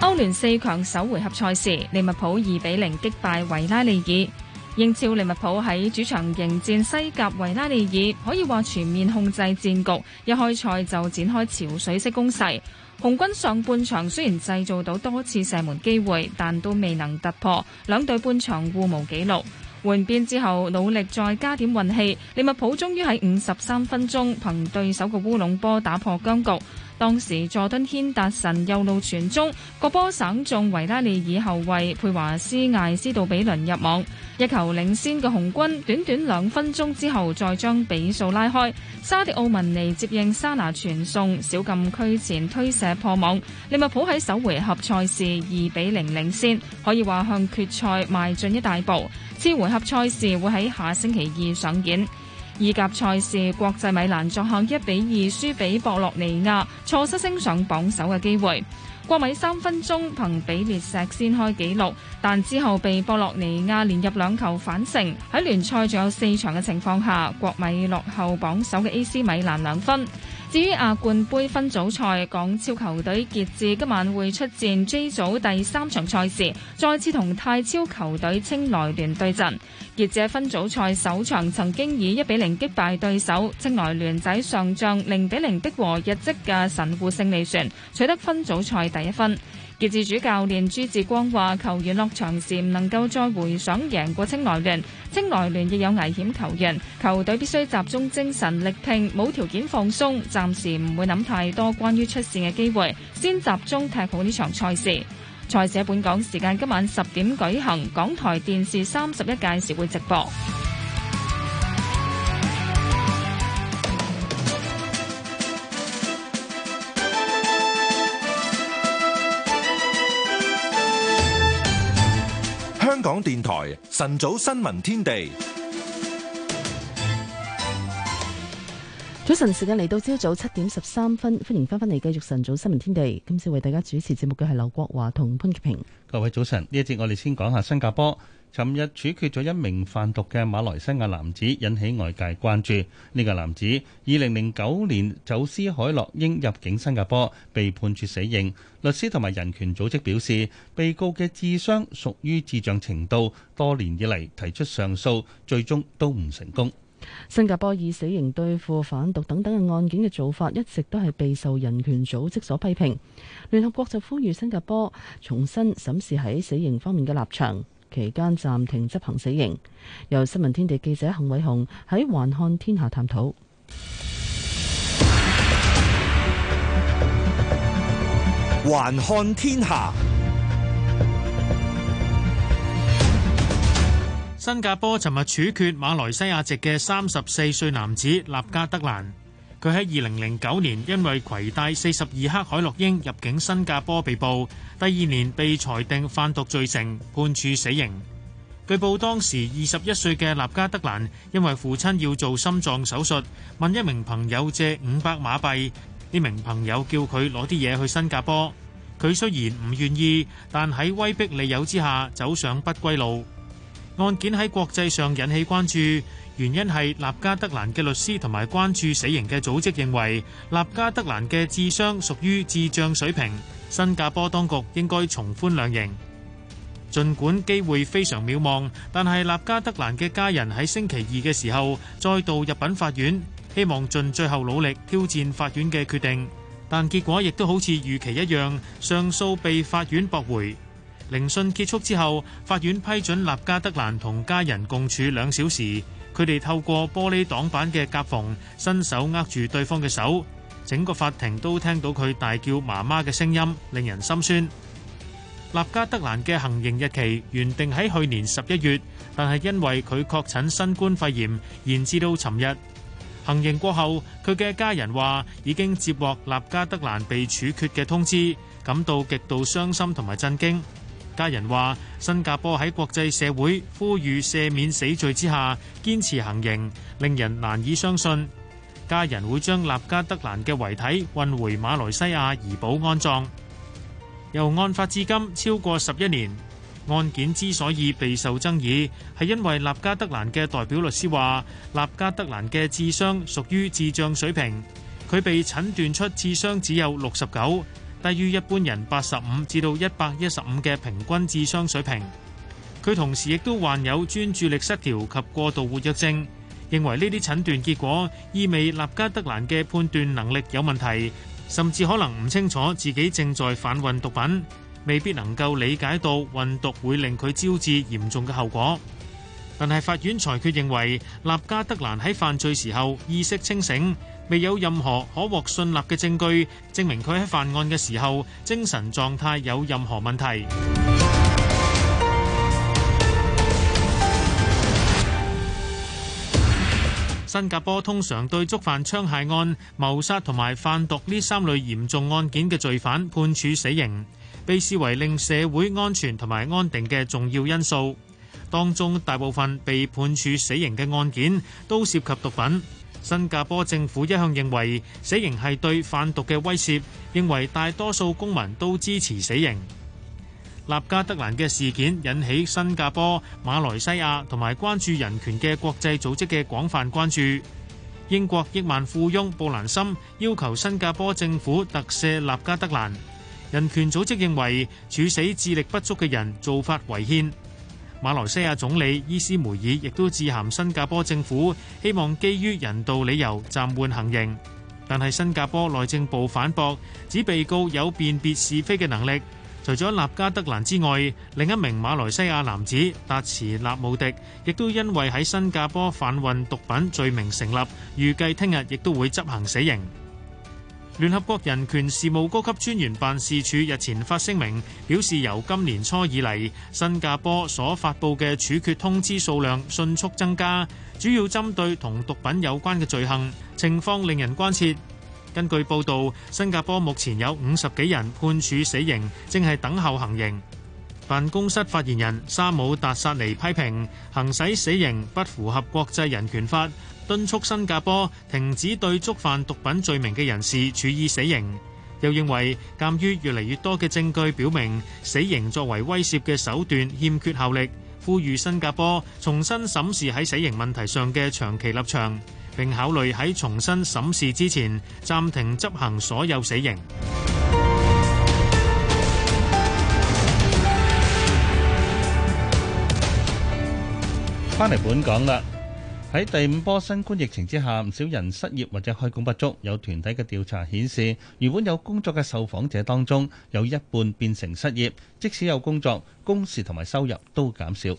Speaker 16: 歐聯四強首回合賽事，利物浦二比零擊敗維拉利爾。英超利物浦喺主場迎戰西甲維拉利爾，可以話全面控制戰局。一開賽就展開潮水式攻勢，紅軍上半場雖然製造到多次射門機會，但都未能突破。兩隊半場互無紀錄，換邊之後努力再加點運氣，利物浦終於喺五十三分鐘憑對手個烏龍波打破僵局。當時佐敦軒達臣右路傳中，各波省中維拉利爾後衞佩華斯艾斯杜比倫入網，一球領先嘅紅軍短短兩分鐘之後再將比數拉開。沙迪奧文尼接應沙拿傳送，小禁區前推射破網。利物浦喺首回合賽事二比零領先，可以話向決賽邁進一大步。次回合賽事會喺下星期二上演。意甲賽事，國際米蘭作客一比二輸俾博洛尼亞，錯失升上榜首嘅機會。國米三分鐘憑比列石先開紀錄，但之後被博洛尼亞連入兩球反勝。喺聯賽仲有四場嘅情況下，國米落後榜首嘅 AC 米蘭兩分。至於亞冠杯分組賽，港超球隊傑志今晚會出戰 J 組第三場賽事，再次同泰超球隊清萊聯對陣，傑志分組賽首場曾經以一比零擊敗對手清萊聯仔上將零比零逼和日職嘅神戶勝利船，取得分組賽第一分。傑志主教練朱志光話：球員落場時唔能夠再回想贏過清萊聯，清萊聯亦有危險球員，球隊必須集中精神力拼，冇條件放鬆，暫時唔會諗太多關於出線嘅機會，先集中踢好呢場賽事。賽事本港時間今晚十點舉行，港台電視三十一屆時會直播。
Speaker 1: 港電台晨早新聞天地。
Speaker 4: 早晨時間嚟到，朝早七點十三分，歡迎翻返嚟，繼續晨早新聞天地。今次為大家主持節目嘅係劉國華同潘潔平。
Speaker 5: 各位早晨，呢一節我哋先講下新加坡。尋日處決咗一名販毒嘅馬來西亞男子，引起外界關注。呢個男子二零零九年走私海洛英入境新加坡，被判處死刑。律師同埋人權組織表示，被告嘅智商屬於智障程度，多年以嚟提出上訴，最終都唔成功。
Speaker 4: 新加坡以死刑對付販毒等等嘅案件嘅做法，一直都係備受人權組織所批評。聯合國就呼籲新加坡重新審視喺死刑方面嘅立場，期間暫停執行死刑。由新聞天地記者幸偉雄喺《環看天下》探討
Speaker 1: 《環看天下》。
Speaker 17: 新加坡尋日處決馬來西亞籍嘅三十四歲男子納加德蘭。佢喺二零零九年因為攜帶四十二克海洛因入境新加坡被捕，第二年被裁定販毒罪成，判處死刑。據報當時二十一歲嘅納加德蘭因為父親要做心臟手術，問一名朋友借五百馬幣，呢名朋友叫佢攞啲嘢去新加坡。佢雖然唔願意，但喺威逼利誘之下走上不歸路。案件喺國際上引起關注，原因係納加德蘭嘅律師同埋關注死刑嘅組織認為，納加德蘭嘅智商屬於智障水平，新加坡當局應該從寬量刑。儘管機會非常渺茫，但係納加德蘭嘅家人喺星期二嘅時候再度入禀法院，希望盡最後努力挑戰法院嘅決定，但結果亦都好似預期一樣，上訴被法院駁回。聆訊結束之後，法院批准納加德蘭同家人共處兩小時。佢哋透過玻璃擋板嘅夾縫，伸手握住對方嘅手，整個法庭都聽到佢大叫“媽媽”嘅聲音，令人心酸。納加德蘭嘅行刑日期原定喺去年十一月，但係因為佢確診新冠肺炎，延至到尋日。行刑過後，佢嘅家人話已經接獲納加德蘭被處決嘅通知，感到極度傷心同埋震驚。家人話：新加坡喺國際社會呼籲赦免死罪之下，堅持行刑，令人難以相信。家人會將納加德蘭嘅遺體運回馬來西亞怡保安葬。由案發至今超過十一年，案件之所以備受爭議，係因為納加德蘭嘅代表律師話：納加德蘭嘅智商屬於智障水平，佢被診斷出智商只有六十九。低於一般人八十五至到一百一十五嘅平均智商水平，佢同時亦都患有專注力失調及過度活躍症，認為呢啲診斷結果意味納加德蘭嘅判斷能力有問題，甚至可能唔清楚自己正在販運毒品，未必能夠理解到運毒會令佢招致嚴重嘅後果。但係法院裁決認為納加德蘭喺犯罪時候意識清醒。未有任何可獲信立嘅證據證明佢喺犯案嘅時候精神狀態有任何問題。新加坡通常對觸犯槍械案、謀殺同埋販毒呢三類嚴重案件嘅罪犯判處死刑，被視為令社會安全同埋安定嘅重要因素。當中大部分被判處死刑嘅案件都涉及毒品。新加坡政府一向認為死刑係對販毒嘅威懾，認為大多數公民都支持死刑。納加德蘭嘅事件引起新加坡、馬來西亞同埋關注人權嘅國際組織嘅廣泛關注。英國億萬富翁布蘭森要求新加坡政府特赦納加德蘭。人權組織認為處死智力不足嘅人做法違憲。馬來西亞總理伊斯梅爾亦都致函新加坡政府，希望基於人道理由暫緩行刑。但係新加坡內政部反駁，指被告有辨別是非嘅能力。除咗納加德蘭之外，另一名馬來西亞男子達慈納姆迪，亦都因為喺新加坡販運毒品罪名成立，預計聽日亦都會執行死刑。聯合國人權事務高級專員辦事處日前發聲明，表示由今年初以嚟，新加坡所發佈嘅處決通知數量迅速增加，主要針對同毒品有關嘅罪行，情況令人關切。根據報導，新加坡目前有五十幾人判處死刑，正係等候行刑。辦公室發言人沙姆達薩尼批評，行使死刑不符合國際人權法。敦促新加坡停止對觸犯毒品罪名嘅人士處以死刑，又認為鑒於越嚟越多嘅證據表明死刑作為威懾嘅手段欠缺效力，呼籲新加坡重新審視喺死刑問題上嘅長期立場，並考慮喺重新審視之前暫停執行所有死刑。
Speaker 5: 翻嚟本港啦。喺第五波新冠疫情之下，唔少人失業或者開工不足。有團體嘅調查顯示，原本有工作嘅受訪者當中，有一半變成失業，即使有工作，工時同埋收入都減少。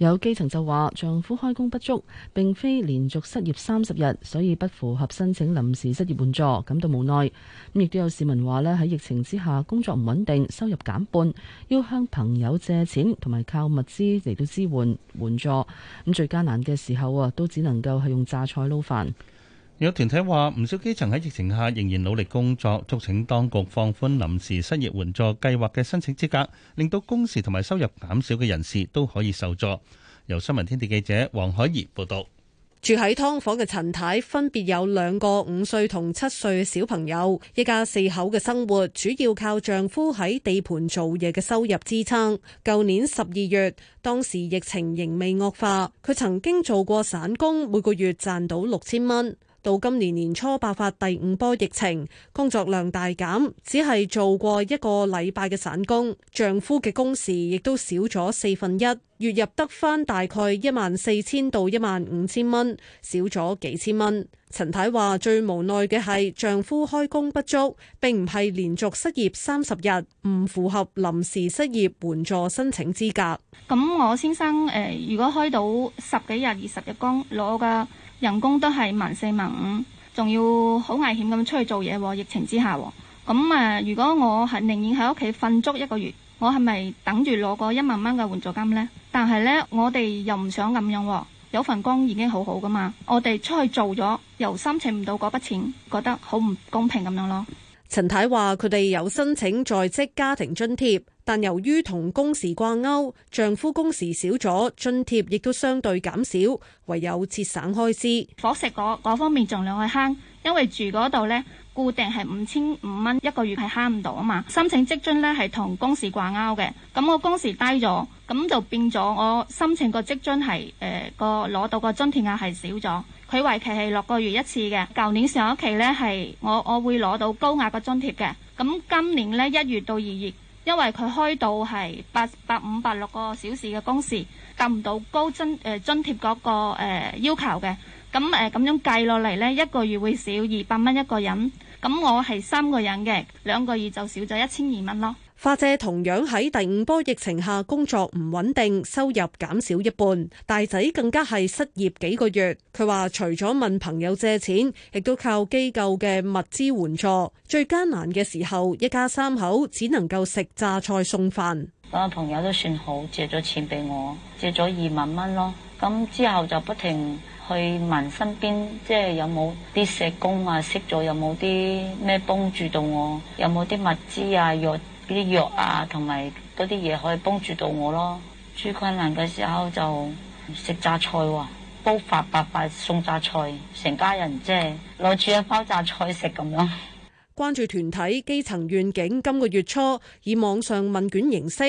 Speaker 4: 有基層就話丈夫開工不足，並非連續失業三十日，所以不符合申請臨時失業援助，感到無奈。咁亦都有市民話呢，喺疫情之下工作唔穩定，收入減半，要向朋友借錢同埋靠物資嚟到支援援助。咁最艱難嘅時候啊，都只能夠係用榨菜撈飯。
Speaker 5: 有團體話，唔少基層喺疫情下仍然努力工作，促請當局放寬臨時失業援助計劃嘅申請資格，令到工時同埋收入減少嘅人士都可以受助。由新聞天地記者黃海怡報道。
Speaker 18: 住喺劏房嘅陳太分別有兩個五歲同七歲小朋友，一家四口嘅生活主要靠丈夫喺地盤做嘢嘅收入支撐。舊年十二月，當時疫情仍未惡化，佢曾經做過散工，每個月賺到六千蚊。到今年年初爆發第五波疫情，工作量大減，只係做過一個禮拜嘅散工。丈夫嘅工時亦都少咗四分一，月入得翻大概一萬四千到一萬五千蚊，少咗幾千蚊。陳太話最無奈嘅係丈夫開工不足，並唔係連續失業三十日，唔符合臨時失業援助申
Speaker 19: 請資格。咁我先生誒、呃，如果開到十幾日、二十日工，攞嘅。人工都係萬四萬五，仲要好危險咁出去做嘢喎。疫情之下喎、哦，咁、嗯、啊，如果我係寧願喺屋企瞓足一個月，我係咪等住攞個一萬蚊嘅援助金呢？但係呢，我哋又唔想咁樣喎、哦。有份工已經好好噶嘛，我哋出去做咗，又申請唔到嗰筆錢，覺得好唔公平咁樣咯。
Speaker 18: 陳太話：佢哋有申請在職家庭津貼。但由於同工時掛鈎，丈夫工時少咗，津貼亦都相對減少，唯有節省
Speaker 19: 開支伙食嗰方面盡量去慳，因為住嗰度呢，固定係五千五蚊一個月，係慳唔到啊嘛。申請職津呢係同工時掛鈎嘅，咁我工時低咗，咁就變咗我申請個職津係誒個攞到個津貼額係少咗。佢為期係六個月一次嘅，舊年上一期呢係我我會攞到高額嘅津貼嘅，咁今年呢，一月到二月。因為佢開到係八八五八六個小時嘅工時，達唔到高津、呃、津貼嗰個、呃、要求嘅，咁誒咁樣計落嚟咧，一個月會少二百蚊一個人，咁我係三個人嘅，兩個月就少咗一千二蚊咯。
Speaker 18: 化姐同樣喺第五波疫情下工作唔穩定，收入減少一半。大仔更加係失業幾個月。佢話：除咗問朋友借錢，亦都靠機構嘅物資援助。最艱難嘅時候，一家三口只能夠食榨菜送飯。我朋友都算
Speaker 2: 好，借咗錢俾我，借咗二萬蚊咯。咁之後就不停去問身邊，即係有冇啲社工啊識咗，有冇啲咩幫助到我，有冇啲物資啊藥。藥啲藥啊，同埋嗰啲嘢可以幫住到我咯。最困難嘅時候就食榨菜喎，煲飯白飯送榨菜，成家人即係攞住一包榨菜食咁咯。關注
Speaker 18: 團體基層願景，今個月初以網上問卷形式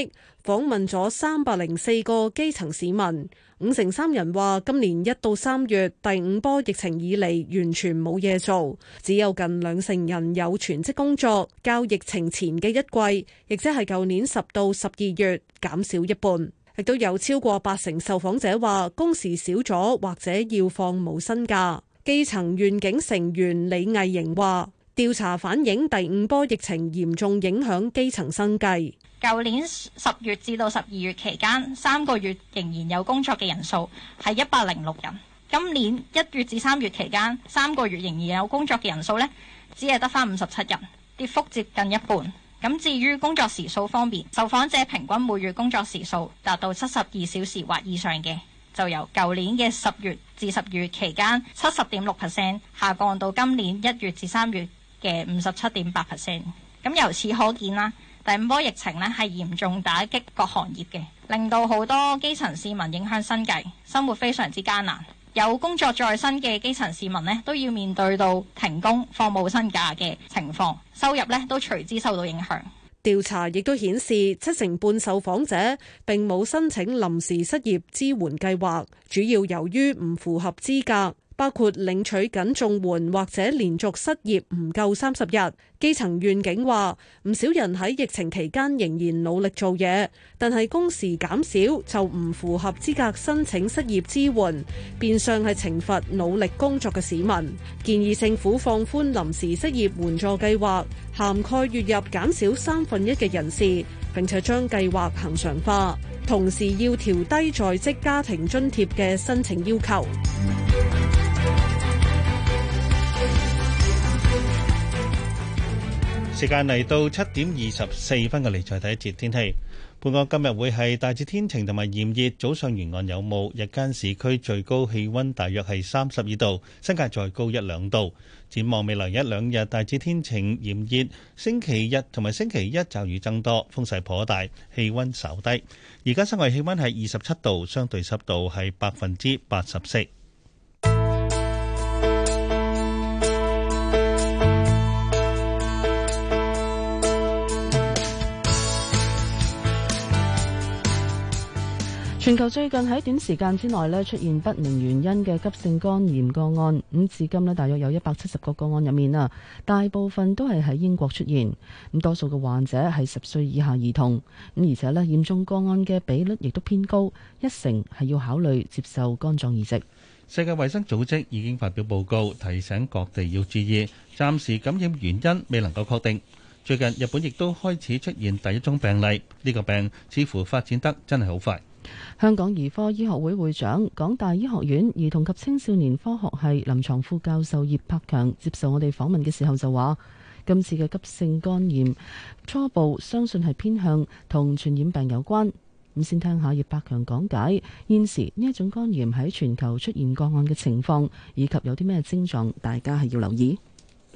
Speaker 18: 訪問咗三百零四個基層市民。五成三人話，今年一到三月第五波疫情以嚟完全冇嘢做，只有近兩成人有全職工作，較疫情前嘅一季，亦即係舊年十到十二月減少一半。亦都有超過八成受訪者話工時少咗，或者要放冇薪假。基層願景成員李毅瑩話。調查反映第五波疫情嚴重影響基層生計。
Speaker 19: 舊年十月至到十二月期間，三個月仍然有工作嘅人數係一百零六人。今年一月至三月期間，三個月仍然有工作嘅人數呢，只係得返五十七人，跌幅接近一半。咁至於工作時數方面，受訪者平均每月工作時數達到七十二小時或以上嘅，就由舊年嘅十月至十月期間七十點六 percent 下降到今年一月至三月。嘅五十七點八 percent，咁由此可見啦，第五波疫情呢係嚴重打擊各行業嘅，令到好多基層市民影響生計，生活非常之艱難。有工作在身嘅基層市民呢，都要面對到停工、放無薪假嘅情況，收入呢都隨之受到影響。
Speaker 18: 調查亦都顯示，七成半受訪者並冇申請臨時失業支援計劃，主要由於唔符合資格。包括領取緊綜援或者連續失業唔夠三十日，基層願景話唔少人喺疫情期間仍然努力做嘢，但係工時減少就唔符合資格申請失業支援，變相係懲罰努力工作嘅市民。建議政府放寬臨時失業援助計劃，涵蓋月入減少三分一嘅人士，並且將計劃恆常化，同時要調低在職家庭津貼嘅申請要求。
Speaker 5: 時間嚟到七點二十四分嘅，嚟再睇一節天氣。本港今日會係大致天晴同埋炎熱，早上沿岸有霧，日間市區最高氣溫大約係三十二度，新界再高一兩度。展望未來一兩日大致天晴炎熱，星期日同埋星期一驟雨增多，風勢頗大，氣溫稍低。而家室外氣溫係二十七度，相對濕度係百分之八十四。
Speaker 4: 全球最近喺短時間之內呢，出現不明原因嘅急性肝炎個案，咁至今呢大約有一百七十個個案入面啊，大部分都係喺英國出現，咁多數嘅患者係十歲以下兒童，咁而且呢嚴重個案嘅比率亦都偏高，一成係要考慮接受肝臟移植。
Speaker 5: 世界衛生組織已經發表報告，提醒各地要注意，暫時感染原因未能夠確定。最近日本亦都開始出現第一宗病例，呢、這個病似乎發展得真係好快。
Speaker 4: 香港兒科醫學會會長、港大醫學院兒童及青少年科學系臨床副教授葉柏強接受我哋訪問嘅時候就話：今次嘅急性肝炎初步相信係偏向同傳染病有關。咁先聽下葉柏強講解現時呢一種肝炎喺全球出現個案嘅情況，以及有啲咩症狀，大家係要留意。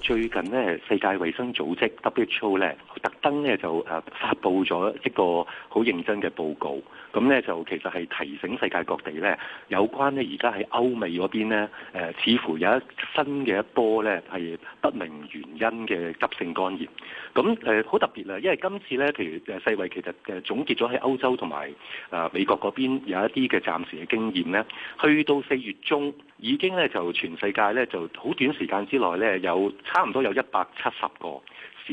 Speaker 20: 最近呢，世界衛生組織 WHO 咧特登呢就誒發布咗一個好認真嘅報告。咁咧就其實係提醒世界各地咧，有關咧而家喺歐美嗰邊咧，誒、呃、似乎有一新嘅一波咧係不明原因嘅急性肝炎。咁誒好特別啦，因為今次咧，譬如誒世衞其實誒總結咗喺歐洲同埋啊美國嗰邊有一啲嘅暫時嘅經驗咧，去到四月中已經咧就全世界咧就好短時間之內咧有差唔多有一百七十個，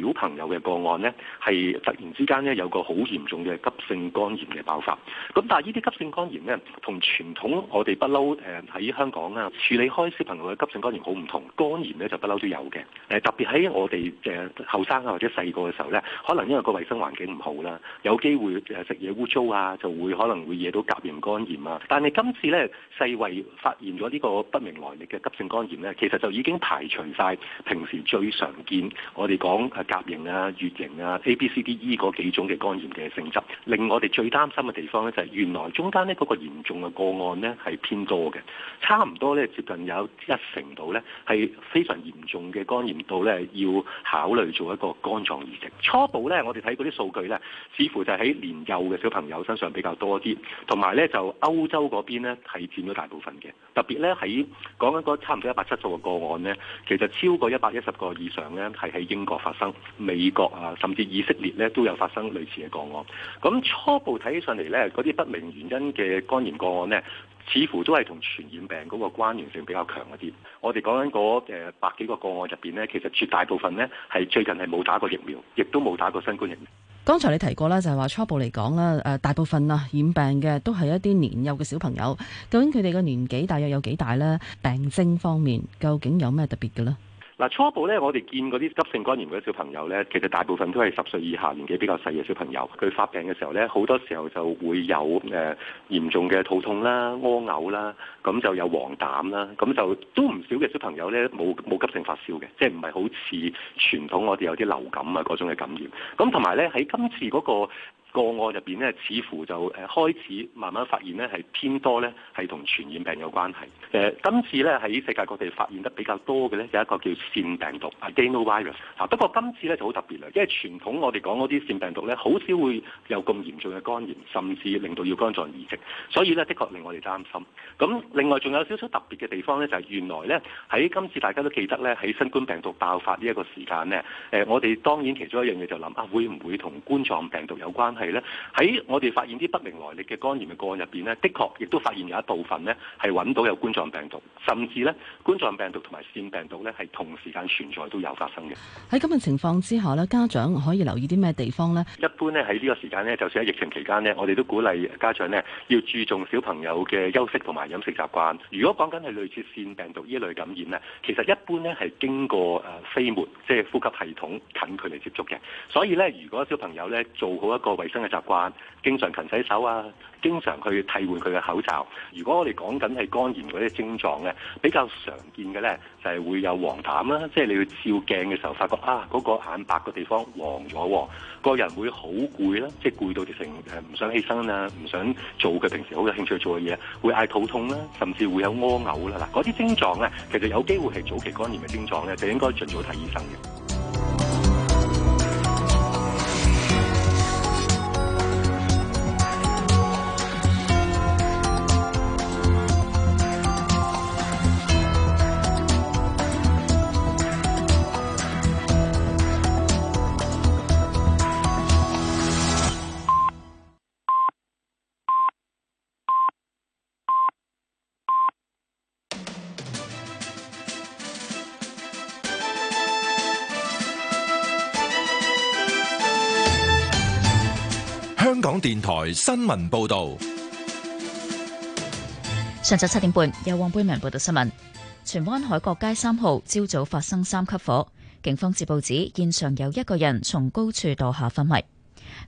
Speaker 20: 小朋友嘅個案呢，係突然之間咧有個好嚴重嘅急性肝炎嘅爆發。咁但係呢啲急性肝炎呢，同傳統我哋不嬲誒喺香港啊處理開小朋友嘅急性肝炎好唔同。肝炎呢，就不嬲都有嘅。誒特別喺我哋誒後生啊或者細個嘅時候呢，可能因為個衞生環境唔好啦，有機會食嘢污糟啊，就會可能會惹到甲型肝炎啊。但係今次呢，世衛發現咗呢個不明來歷嘅急性肝炎呢，其實就已經排除晒平時最常見我哋講。甲型啊、乙型啊、A、B、C、D、E 嗰幾種嘅肝炎嘅性質，令我哋最擔心嘅地方咧，就係原來中間呢嗰個嚴重嘅個案呢係偏多嘅，差唔多呢，接近有一成度呢係非常嚴重嘅肝炎，到呢，要考慮做一個肝臟移植。初步呢，我哋睇嗰啲數據呢，似乎就喺年幼嘅小朋友身上比較多啲，同埋呢就歐洲嗰邊咧係佔咗大部分嘅，特別呢，喺講緊嗰差唔多一百七十個個案呢，其實超過一百一十個以上呢，係喺英國發生。美國啊，甚至以色列咧都有發生類似嘅個案。咁初步睇起上嚟呢，嗰啲不明原因嘅肝炎個案呢，似乎都係同傳染病嗰個關聯性比較強一啲。我哋講緊嗰誒百幾個個案入邊呢，其實絕大部分呢係最近係冇打過疫苗，亦都冇打過新冠疫苗。
Speaker 4: 剛才你提過啦，就係話初步嚟講啦，誒大部分啊染病嘅都係一啲年幼嘅小朋友。究竟佢哋嘅年紀大約有幾大呢？病徵方面究竟有咩特別嘅呢？
Speaker 20: 初步咧，我哋見嗰啲急性肝炎嗰啲小朋友咧，其實大部分都係十歲以下年紀比較細嘅小朋友。佢發病嘅時候咧，好多時候就會有誒嚴重嘅肚痛啦、屙嘔啦，咁就有黃疸啦，咁就都唔少嘅小朋友咧冇冇急性發燒嘅，即係唔係好似傳統我哋有啲流感啊嗰種嘅感染。咁同埋咧，喺今次嗰個。個案入邊咧，似乎就誒開始慢慢發現咧，係偏多咧，係同傳染病有關係。誒，今次咧喺世界各地發現得比較多嘅咧，有一個叫腺病毒 （adenovirus） 嚇。不過今次咧就好特別啦，因為傳統我哋講嗰啲腺病毒咧，好少會有咁嚴重嘅肝炎，甚至令到要肝臟移植，所以咧，的確令我哋擔心。咁另外仲有少少特別嘅地方咧，就係原來咧喺今次大家都記得咧，喺新冠病毒爆發呢一個時間咧，誒，我哋當然其中一樣嘢就諗啊，會唔會同冠狀病毒有關係？係咧，喺我哋發現啲不明來歷嘅肝炎嘅個案入邊呢，的確亦都發現有一部分呢係揾到有冠狀病毒，甚至呢冠狀病毒同埋腺病毒呢係同時間存在都有發生嘅。
Speaker 4: 喺咁嘅情況之下呢，家長可以留意啲咩地方呢？
Speaker 20: 一般呢喺呢個時間呢，就算喺疫情期間呢，我哋都鼓勵家長呢要注重小朋友嘅休息同埋飲食習慣。如果講緊係類似腺病毒依類感染呢，其實一般呢係經過誒飛沫，即係呼吸系統近距離接觸嘅。所以呢，如果小朋友呢做好一個為生嘅習慣，經常勤洗手啊，經常去替換佢嘅口罩。如果我哋講緊係肝炎嗰啲症狀咧，比較常見嘅咧就係會有黃疸啦，即係你去照鏡嘅時候發覺啊，嗰個眼白個地方黃咗，個人會好攰啦，即係攰到直成誒唔想起身啊，唔想做佢平時好有興趣做嘅嘢，會嗌肚痛啦，甚至會有屙嘔啦。嗱，嗰啲症狀咧其實有機會係早期肝炎嘅症狀咧，就應該盡早睇醫生嘅。
Speaker 1: 電台新聞報道：
Speaker 2: 上晝七點半，有黃佩明報道新聞。荃灣海角街三號朝早發生三級火，警方接報指現場有一個人從高處墮下昏迷。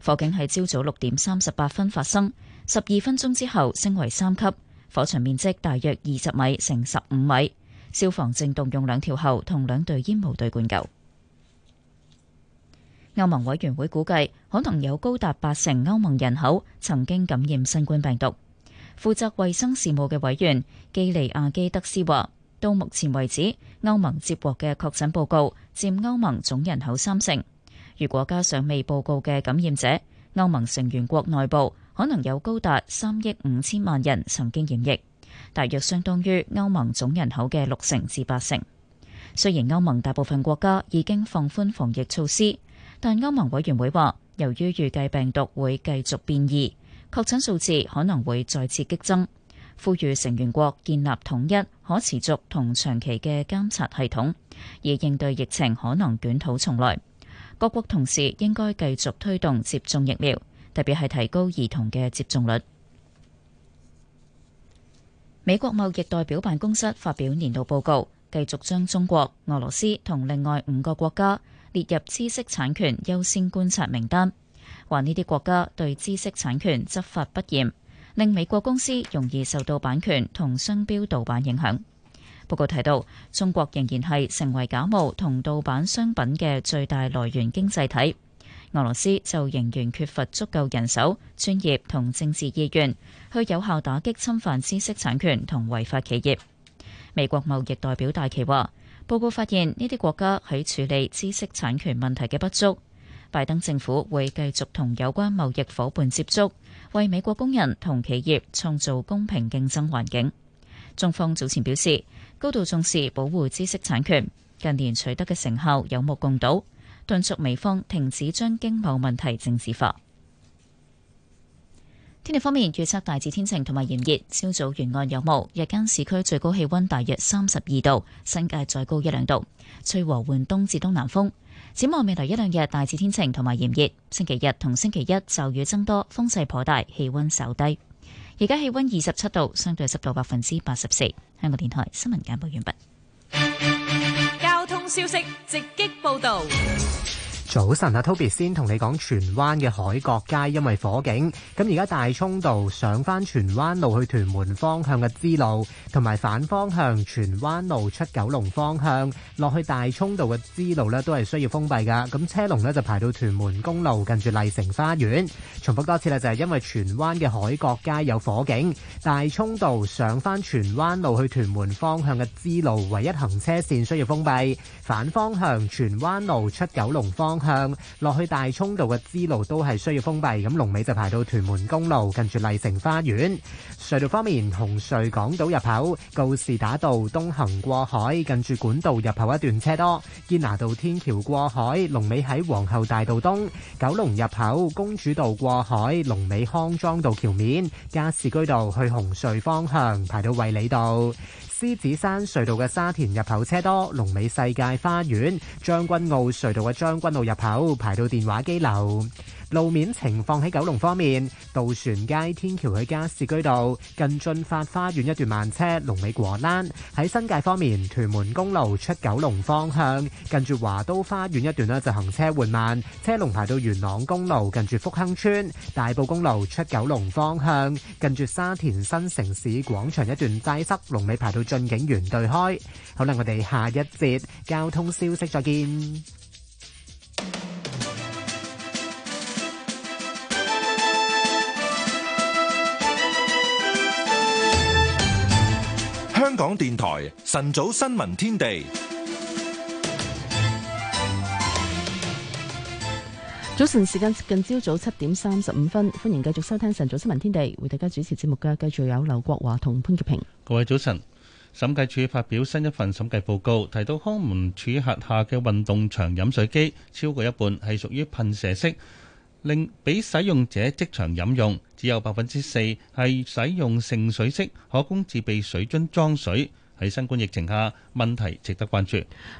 Speaker 2: 火警喺朝早六點三十八分發生，十二分鐘之後升為三級。火場面積大約二十米乘十五米，消防正動用兩條喉同兩隊煙霧隊灌救。歐盟委員會估計，可能有高達八成歐盟人口曾經感染新冠病毒。負責衛生事務嘅委員基利亞基德斯話，到目前為止，歐盟接獲嘅確診報告佔歐盟總人口三成。如果加上未報告嘅感染者，歐盟成員國內部可能有高達三億五千萬人曾經染疫，大約相當於歐盟總人口嘅六成至八成。雖然歐盟大部分國家已經放寬防疫措施，但歐盟委員會話，由於預計病毒會繼續變異，確診數字可能會再次激增，呼籲成員國建立統一、可持續同長期嘅監察系統，而應對疫情可能捲土重來。各國同時應該繼續推動接種疫苗，特別係提高兒童嘅接種率。美國貿易代表辦公室發表年度報告，繼續將中國、俄羅斯同另外五個國家，列入知識產權優先觀察名單，話呢啲國家對知識產權執法不嚴，令美國公司容易受到版權同商標盜版影響。不過提到，中國仍然係成為假冒同盜版商品嘅最大來源經濟體。俄羅斯就仍然缺乏足夠人手、專業同政治意願去有效打擊侵犯知識產權同違法企業。美國貿易代表戴琪話。報告發現，呢啲國家喺處理知識產權問題嘅不足。拜登政府會繼續同有關貿易伙伴接觸，為美國工人同企業創造公平競爭環境。中方早前表示，高度重視保護知識產權，近年取得嘅成效有目共睹，敦促美方停止將經貿問題政治化。天氣方面，預測大致天晴同埋炎熱，朝早沿岸有霧，日間市區最高氣溫大約三十二度，新界再高一兩度，吹和緩東至東南風。展望未來一兩日，大致天晴同埋炎熱，星期日同星期一驟雨增多，風勢頗大，氣溫稍低。而家氣溫二十七度，相對濕度百分之八十四。香港電台新聞簡報完畢。
Speaker 14: 交通消息直擊報道。
Speaker 13: 早晨，阿、啊、Toby 先同你講荃灣嘅海角街因為火警，咁而家大涌道上翻荃灣路去屯門方向嘅支路，同埋反方向荃灣路出九龍方向落去大涌道嘅支路呢都係需要封閉噶。咁車龍呢就排到屯門公路，近住麗城花園。重複多次喇，就係、是、因為荃灣嘅海角街有火警，大涌道上翻荃灣路去屯門方向嘅支路，唯一行車線需要封閉。反方向荃灣路出九龍方向。向落去大涌道嘅支路都係需要封閉，咁龍尾就排到屯門公路近住麗城花園隧道。方面，紅隧港島入口告士打道東行過海近住管道入口一段車多，堅拿道天橋過海龍尾喺皇后大道東。九龍入口公主道過海龍尾康莊道橋面加士居道去紅隧方向排到衛理道。獅子山隧道嘅沙田入口車多，龍尾世界花園，將軍澳隧道嘅將軍澳入口排到電話機樓。路面情況喺九龍方面，渡船街天橋喺加士居道近駿發花園一段慢車，龍尾過欄；喺新界方面，屯門公路出九龍方向近住華都花園一段咧就行車緩慢，車龍排到元朗公路近住福亨村。大埔公路出九龍方向近住沙田新城市廣場一段擠塞，龍尾排到駿景園對開。好啦，我哋下一節交通消息再見。
Speaker 1: 香港電台晨早新聞天地。
Speaker 4: 早晨時間近朝早七點三十五分，歡迎繼續收聽晨早新聞天地，為大家主持節目嘅繼續有劉國華同潘潔平。
Speaker 5: 各位早晨，審計署發表新一份審計報告，提到康文署轄下嘅運動場飲水機超過一半係屬於噴射式。令俾使用者即場飲用，只有百分之四係使用盛水式可供自備水樽裝水。喺新冠疫情下，問題值得關注。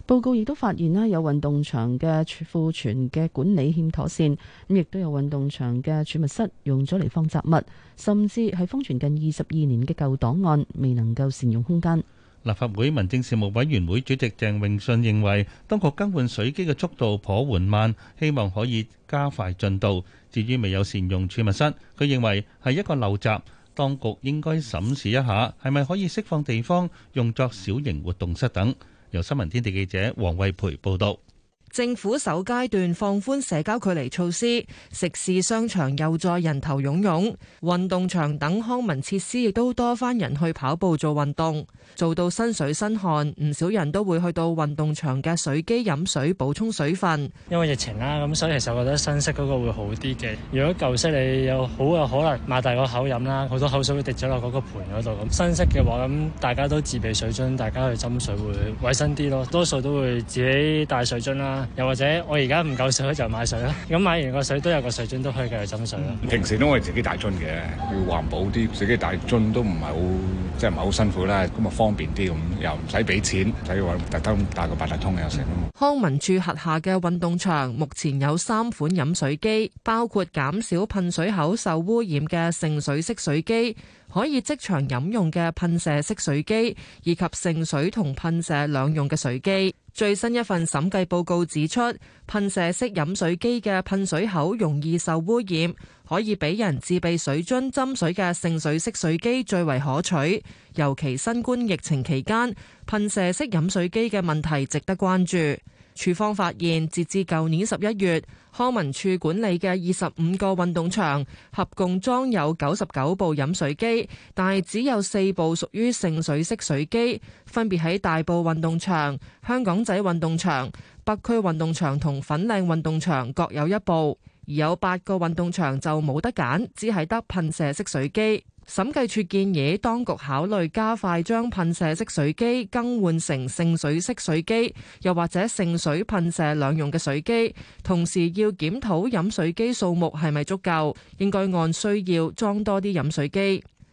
Speaker 4: 報告亦都發現啦，有運動場嘅庫存嘅管理欠妥善，咁亦都有運動場嘅儲物室用咗嚟放雜物，甚至係封存近二十二年嘅舊檔案，未能夠善用空間。
Speaker 5: 立法會民政事務委員會主席鄭泳舜認為，當局更換水機嘅速度頗緩慢，希望可以加快進度。至於未有善用儲物室，佢認為係一個陋習，當局應該審視一下，係咪可以釋放地方用作小型活動室等。由新聞天地記者黃惠培報道。
Speaker 14: 政府首階段放寬社交距離措施，食肆、商場又再人頭湧湧，運動場等康文設施亦都多番人去跑步做運動。做到身水身汗，唔少人都會去到運動場嘅水機飲水補充水分。
Speaker 17: 因為疫情啦，咁所以其實我覺得新式嗰個會好啲嘅。如果舊式你有好有可能買大個口飲啦，好多口水會滴咗落嗰個盆嗰度咁。新式嘅話咁大家都自備水樽，大家去斟水會衞生啲咯。多數都會自己帶水樽啦，又或者我而家唔夠水就買水啦。咁買完個水都有個水樽都可以繼續斟水咯。
Speaker 10: 平時都我係自己帶樽嘅，要環保啲自己帶樽都唔係好即係唔係好辛苦啦。咁啊方，方便啲咁，又唔使俾錢，使話特登打個八達通又成。
Speaker 14: 康文署轄下嘅運動場目前有三款飲水機，包括減少噴水口受污染嘅盛水式水機，可以即場飲用嘅噴射式水機，以及盛水同噴射兩用嘅水機。最新一份審計報告指出，噴射式飲水機嘅噴水口容易受污染，可以俾人自備水樽斟水嘅盛水式水機最為可取。尤其新冠疫情期間，噴射式飲水機嘅問題值得關注。署方發現，截至舊年十一月，康文署管理嘅二十五個運動場合共裝有九十九部飲水機，但係只有四部屬於盛水式水機，分別喺大埔運動場、香港仔運動場、北區運動場同粉嶺運動場各有一部。而有八個運動場就冇得揀，只係得噴射式水機。審計署建議當局考慮加快將噴射式水機更換成盛水式水機，又或者盛水噴射兩用嘅水機。同時要檢討飲水機數目係咪足夠，應該按需要裝多啲飲水機。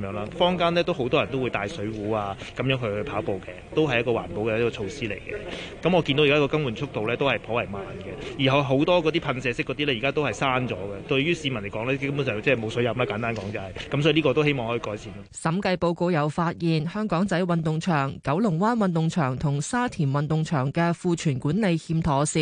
Speaker 21: 咁樣啦，坊間咧都好多人都會帶水壺啊，咁樣去跑步嘅，都係一個環保嘅一個措施嚟嘅。咁、嗯、我見到而家個更換速度咧都係頗為慢嘅，然後好多嗰啲噴射式嗰啲咧，而家都係閂咗嘅。對於市民嚟講咧，基本上即係冇水飲啦，簡單講就係、是。咁、嗯、所以呢個都希望可以改善。
Speaker 14: 審計報告有發現，香港仔運動場、九龍灣運動場同沙田運動場嘅庫存管理欠妥善。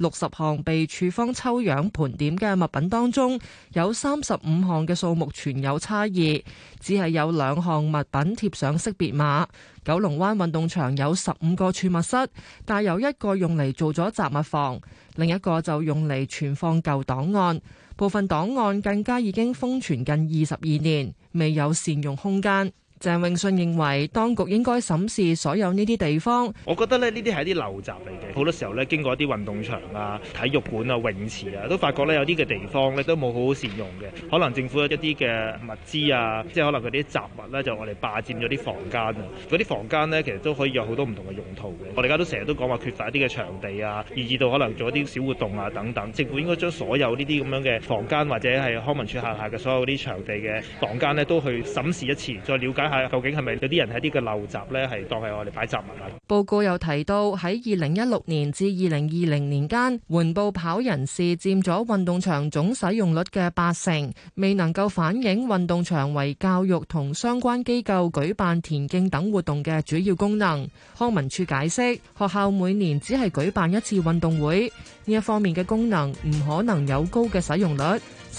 Speaker 14: 六十項被處方抽樣盤點嘅物品當中，有三十五項嘅數目存有差異，只係有兩項物品貼上識別碼。九龍灣運動場有十五個儲物室，但有一個用嚟做咗雜物房，另一個就用嚟存放舊檔案。部分檔案更加已經封存近二十二年，未有善用空間。鄭永信認為當局應該審視所有呢啲地方。
Speaker 21: 我覺得咧，呢啲係一啲陋習嚟嘅。好多時候咧，經過一啲運動場啊、體育館啊、泳池啊，都發覺咧，有啲嘅地方咧都冇好好善用嘅。可能政府一啲嘅物資啊，即係可能佢啲雜物咧就我哋霸佔咗啲房間啊。嗰啲房間咧、啊、其實都可以有好多唔同嘅用途嘅。我哋而家都成日都講話缺乏一啲嘅場地啊，以至到可能做一啲小活動啊等等。政府應該將所有呢啲咁樣嘅房間或者係康文署轄下嘅所有啲場地嘅房間咧都去審視一次，再了解。係究竟係咪有啲人係啲嘅陋習呢？係當係我哋擺雜物啊！
Speaker 14: 報告又提到喺二零一六年至二零二零年間，緩步跑人士佔咗運動場總使用率嘅八成，未能夠反映運動場為教育同相關機構舉辦田徑等活動嘅主要功能。康文署解釋，學校每年只係舉辦一次運動會，呢一方面嘅功能唔可能有高嘅使用率。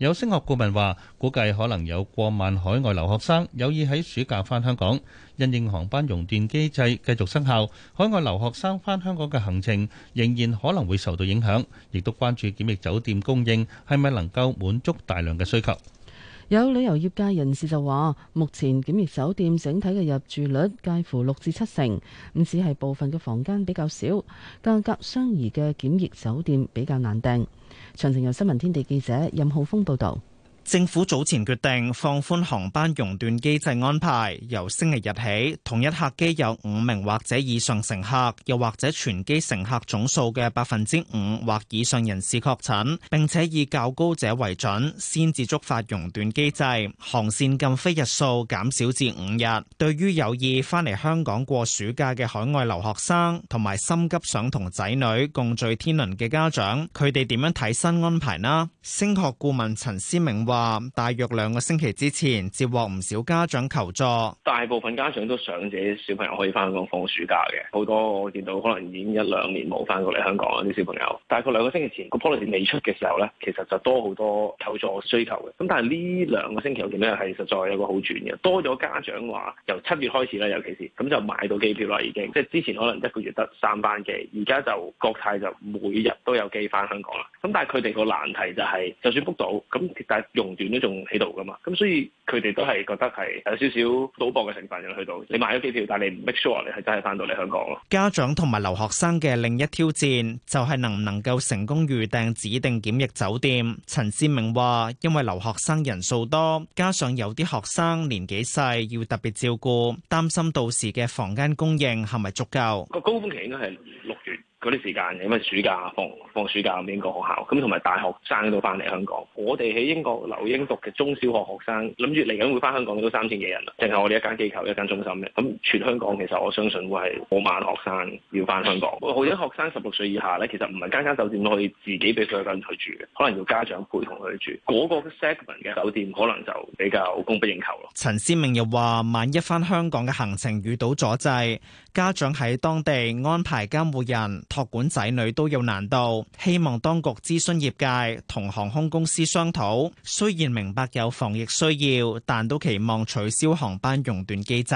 Speaker 5: 有升學顧問話，估計可能有過萬海外留學生有意喺暑假返香港，因應航班熔斷機制繼續生效，海外留學生返香港嘅行程仍然可能會受到影響，亦都關注檢疫酒店供應係咪能夠滿足大量嘅需求。
Speaker 4: 有旅遊業界人士就話：目前檢疫酒店整體嘅入住率介乎六至七成，唔止係部分嘅房間比較少，價格相宜嘅檢疫酒店比較難訂。詳情由新聞天地記者任浩峰報導。
Speaker 22: 政府早前決定放寬航班熔斷機制安排，由星期日起，同一客機有五名或者以上乘客，又或者全機乘客總數嘅百分之五或以上人士確診，並且以較高者為準，先至觸發熔斷機制。航線禁飛日數減少至五日。對於有意翻嚟香港過暑假嘅海外留學生，同埋心急想同仔女共聚天倫嘅家長，佢哋點樣睇新安排呢？升學顧問陳思明話。話大約兩個星期之前接獲唔少家長求助，
Speaker 9: 大部分家長都想自己小朋友可以翻香港放暑假嘅，好多我見到可能已經一兩年冇翻過嚟香港啲小朋友。大概兩個星期前個 policy 未出嘅時候咧，其實就多好多求助需求嘅。咁但係呢兩個星期我見到係實在有個好轉嘅，多咗家長話由七月開始咧，尤其是咁就買到機票啦，已經即係之前可能一個月得三班機，而家就國泰就每日都有機翻香港啦。咁但係佢哋個難題就係就算 book 到咁，但係壟斷都仲喺度噶嘛，咁所以佢哋都係覺得係有少少賭博嘅成分入去到，你買咗機票，但係你唔 make sure 你係真係翻到嚟香港咯。
Speaker 22: 家長同埋留學生嘅另一挑戰就係能唔能夠成功預訂指定檢疫酒店。陳志明話：因為留學生人數多，加上有啲學生年紀細，要特別照顧，擔心到時嘅房間供應係咪足夠。
Speaker 9: 個高峯期應該係六月。嗰啲時間，因為暑假放放暑假咁英國學校咁，同埋大學生都返嚟香港。我哋喺英國留英讀嘅中小學學生，諗住嚟緊會返香港都三千幾人啦。淨係我哋一間機構一間中心嘅，咁全香港其實我相信會係好萬學生要返香港。或者學生十六歲以下咧，其實唔係間間酒店都可以自己俾佢一個人去住嘅，可能要家長陪同佢住嗰、嗰個 segment 嘅酒店，可能就比較供不應求咯。
Speaker 22: 陳思明又話，萬一返香港嘅行程遇到阻滯，家長喺當地安排監護人。託管仔女都有難度，希望當局諮詢業界同航空公司商討。雖然明白有防疫需要，但都期望取消航班熔斷機制。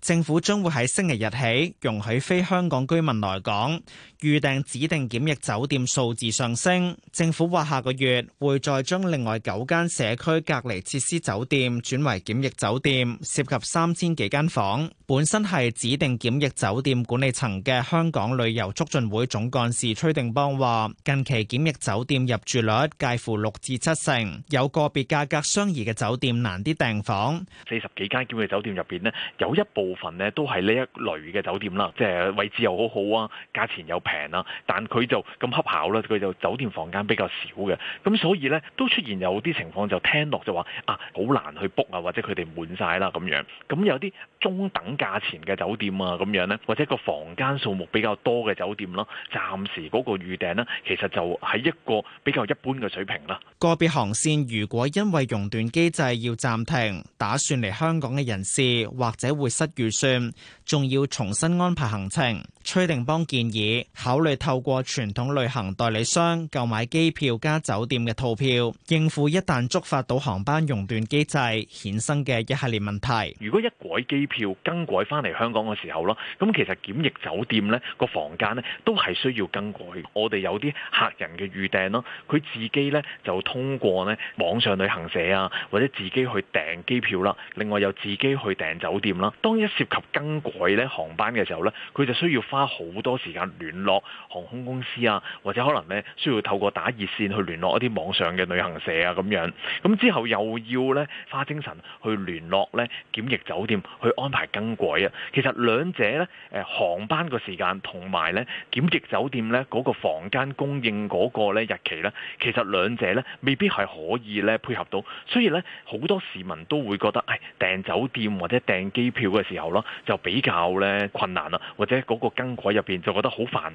Speaker 22: 政府將會喺星期日起容許非香港居民來港。預訂指定檢疫酒店數字上升，政府話下個月會再將另外九間社區隔離設施酒店轉為檢疫酒店，涉及三千幾間房。本身係指定檢疫酒店管理層嘅香港旅遊促進會總幹事崔定邦話：近期檢疫酒店入住率介乎六至七成，有個別價格相宜嘅酒店難啲訂房。
Speaker 10: 四十幾間檢疫酒店入邊咧，有一部分咧都係呢一類嘅酒店啦，即係位置又好好啊，價錢又平。平啦，但佢就咁恰巧啦，佢就酒店房間比較少嘅，咁所以咧都出現有啲情況就聽落就話啊好難去 book 啊，或者佢哋滿晒啦咁樣，咁有啲中等價錢嘅酒店啊咁樣咧，或者個房間數目比較多嘅酒店啦，暫時嗰個預訂咧，其實就喺一個比較一般嘅水平啦。
Speaker 22: 個別航線如果因為熔斷機制要暫停，打算嚟香港嘅人士或者會失預算，仲要重新安排行程。崔定邦建議。考慮透過傳統旅行代理商購買機票加酒店嘅套票，應付一旦觸發到航班熔斷機制衍生嘅一系列問題。
Speaker 10: 如果一改機票更改翻嚟香港嘅時候咯，咁其實檢疫酒店呢個房間呢都係需要更改。我哋有啲客人嘅預訂咯，佢自己呢就通過呢網上旅行社啊，或者自己去訂機票啦。另外又自己去訂酒店啦。當一涉及更改呢航班嘅時候呢，佢就需要花好多時間聯絡。航空公司啊，或者可能咧需要透過打熱線去聯絡一啲網上嘅旅行社啊，咁樣咁之後又要咧花精神去聯絡咧檢疫酒店去安排更改啊。其實兩者咧，誒航班個時間同埋咧檢疫酒店咧嗰個房間供應嗰個咧日期咧，其實兩者咧未必係可以咧配合到，所以咧好多市民都會覺得，誒訂酒店或者訂機票嘅時候咯，就比較咧困難啦，或者嗰個更改入邊就覺得好煩。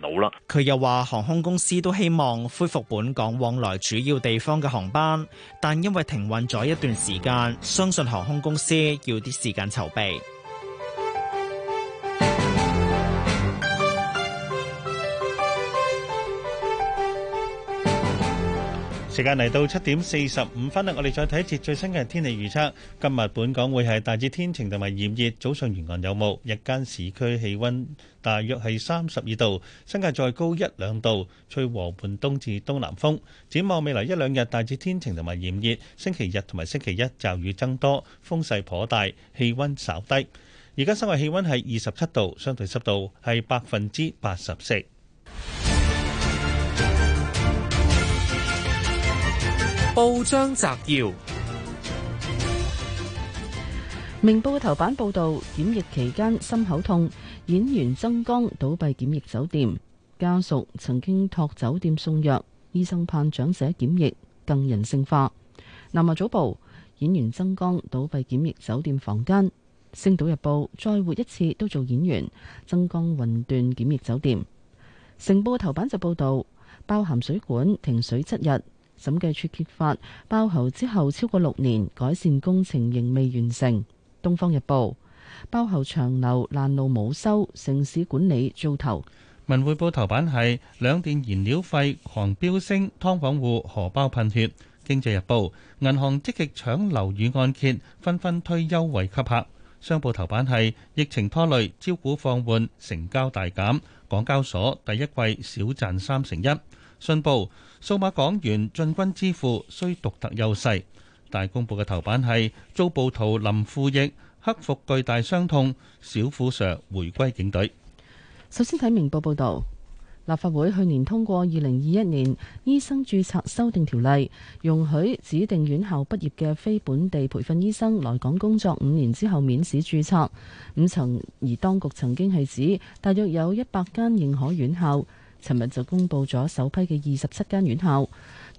Speaker 22: 佢又話航空公司都希望恢復本港往來主要地方嘅航班，但因為停運咗一段時間，相信航空公司要啲時間籌備。
Speaker 5: 時間嚟到七點四十五分啦，我哋再睇一節最新嘅天氣預測。今日本港會係大致天晴同埋炎熱，早上沿岸有霧，日間市區氣温大約係三十二度，新界再高一兩度，吹和緩東至東南風。展望未來一兩日大致天晴同埋炎熱，星期日同埋星期一驟雨增多，風勢頗大，氣温稍低。而家室外氣温係二十七度，相對濕度係百分之八十四。報章摘要：
Speaker 4: 明報頭版報道檢疫期間心口痛，演員曾江倒閉檢疫酒店，家屬曾經託酒店送藥，醫生盼長者檢疫更人性化。南華早報演員曾江倒閉檢疫酒店房間。星島日報再活一次都做演員，曾江魂斷檢疫酒店。成報頭版就報道包含水管停水七日。審計處揭發包喉之後，超過六年改善工程仍未完成。東方日報包喉長流爛路冇修，城市管理糟透。
Speaker 5: 文匯報頭版係兩電燃料費狂飆升，劏房戶荷包噴血。經濟日報銀行積極搶樓宇按揭，紛紛推優惠吸客。商報頭版係疫情拖累，招股放緩，成交大減。港交所第一季少賺三成一。信報，數碼港元進軍支付需獨特優勢。大公報嘅頭版係遭暴徒林富益，克服巨大傷痛，小虎 Sir 回歸警隊。
Speaker 4: 首先睇明報報道，立法會去年通過《二零二一年醫生註冊修訂條例》，容許指定院校畢業嘅非本地培訓醫生來港工作五年之後免試註冊。五層而當局曾經係指，大約有一百間認可院校。尋日就公布咗首批嘅二十七間院校，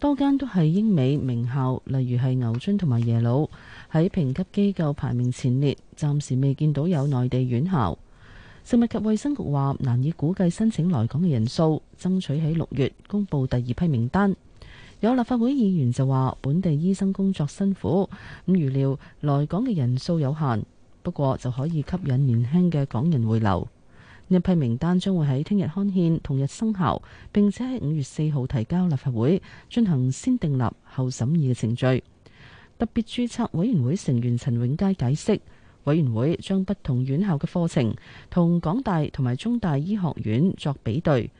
Speaker 4: 多間都係英美名校，例如係牛津同埋耶魯，喺評級機構排名前列。暫時未見到有內地院校。食物及衛生局話難以估計申請來港嘅人數，爭取喺六月公布第二批名單。有立法會議員就話本地醫生工作辛苦，咁預料來港嘅人數有限，不過就可以吸引年輕嘅港人回流。一批名單將會喺聽日刊憲，同日生效，並且喺五月四號提交立法會進行先訂立後審議嘅程序。特別注冊委員會成員陳永佳解釋，委員會將不同院校嘅課程同港大同埋中大醫學院作比對，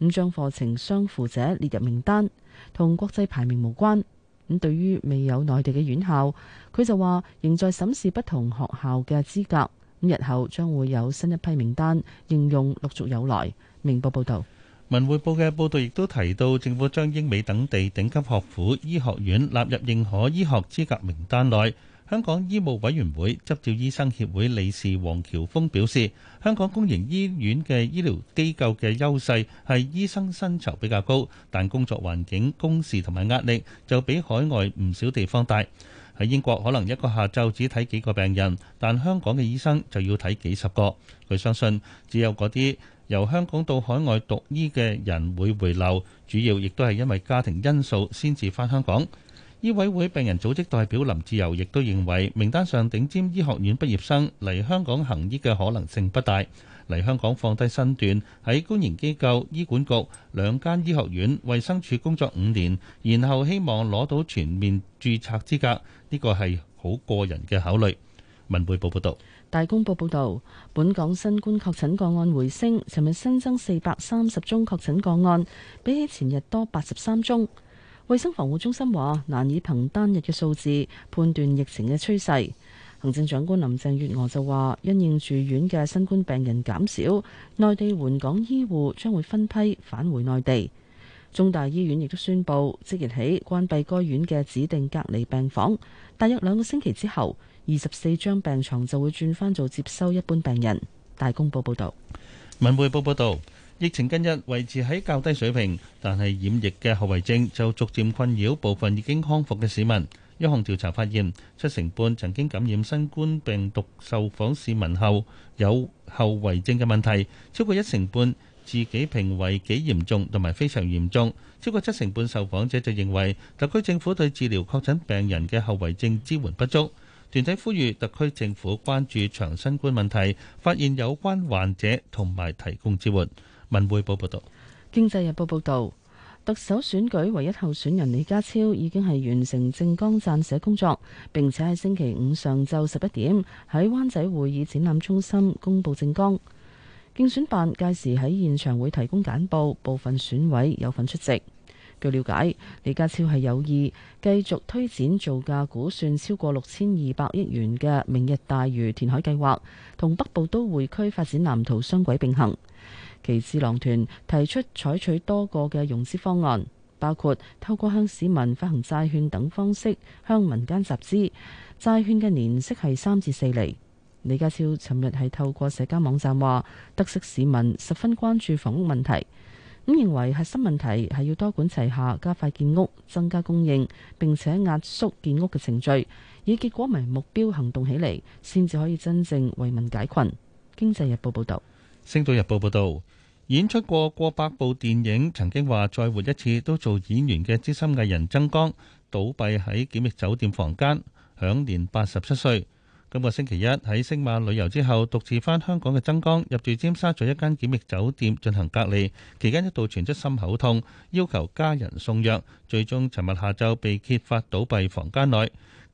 Speaker 4: 咁將課程相符者列入名單，同國際排名無關。咁對於未有內地嘅院校，佢就話仍在審視不同學校嘅資格。五日後將會有新一批名單，應用陸續有來。明報報導，
Speaker 5: 文匯報嘅報導亦都提到，政府將英美等地頂級學府醫學院納入認可醫學資格名單內。香港醫務委員會執照醫生協會理事黃喬峰表示，香港公營醫院嘅醫療機構嘅優勢係醫生薪酬比較高，但工作環境、工時同埋壓力就比海外唔少地方大。喺英國可能一個下晝只睇幾個病人，但香港嘅醫生就要睇幾十個。佢相信只有嗰啲由香港到海外讀醫嘅人會回流，主要亦都係因為家庭因素先至返香港。醫委會病人組織代表林志柔亦都認為，名單上頂尖醫學院畢業生嚟香港行醫嘅可能性不大。嚟香港放低身段，喺公營機構、醫管局兩間醫學院、衛生署工作五年，然後希望攞到全面註冊資格，呢個係好個人嘅考慮。文匯報報道，
Speaker 4: 大公報報道，本港新冠確診個案回升，尋日新增四百三十宗確診個案，比起前日多八十三宗。衛生防護中心話，難以憑單日嘅數字判斷疫情嘅趨勢。行政長官林鄭月娥就話，因應住院嘅新冠病人減少，內地援港醫護將會分批返回內地。中大醫院亦都宣布，即日起關閉該院嘅指定隔離病房，大約兩個星期之後，二十四張病床就會轉翻做接收一般病人。大公報
Speaker 5: 報道，文匯報報道，疫情近日維持喺較低水平，但係染疫嘅後遺症就逐漸困擾部分已經康復嘅市民。一項調查發現，七成半曾經感染新冠病毒受訪市民後有後遺症嘅問題，超過一成半自己評為幾嚴重同埋非常嚴重。超過七成半受訪者就認為特區政府對治療確診病人嘅後遺症支援不足。團體呼籲特區政府關注長新冠問題，發現有關患者同埋提供支援。文匯報報導，
Speaker 4: 《經濟日報》報導。特首選舉唯一候選人李家超已經係完成政綱撰寫工作，並且喺星期五上晝十一點喺灣仔會議展覽中心公布政綱。競選辦屆時喺現場會提供簡報，部分選委有份出席。據了解，李家超係有意繼續推展造價估算超過六千二百億元嘅明日大嶼填海計劃，同北部都會區發展藍圖雙軌並行。其智囊團提出採取多個嘅融資方案，包括透過向市民發行債券等方式向民間集資債券嘅年息係三至四厘。李家超尋日係透過社交網站話得悉市民十分關注房屋問題，咁認為核心問題，係要多管齊下，加快建屋、增加供應，並且壓縮建屋嘅程序，以結果為目標行動起嚟，先至可以真正為民解困。經濟日報報道。
Speaker 5: 星島日報報道，演出過過百部電影，曾經話再活一次都做演員嘅資深藝人曾江，倒斃喺檢疫酒店房間，享年八十七歲。今個星期一喺星馬旅遊之後，獨自返香港嘅曾江入住尖沙咀一間檢疫酒店進行隔離，期間一度傳出心口痛，要求家人送藥，最終尋日下晝被揭發倒斃房間內。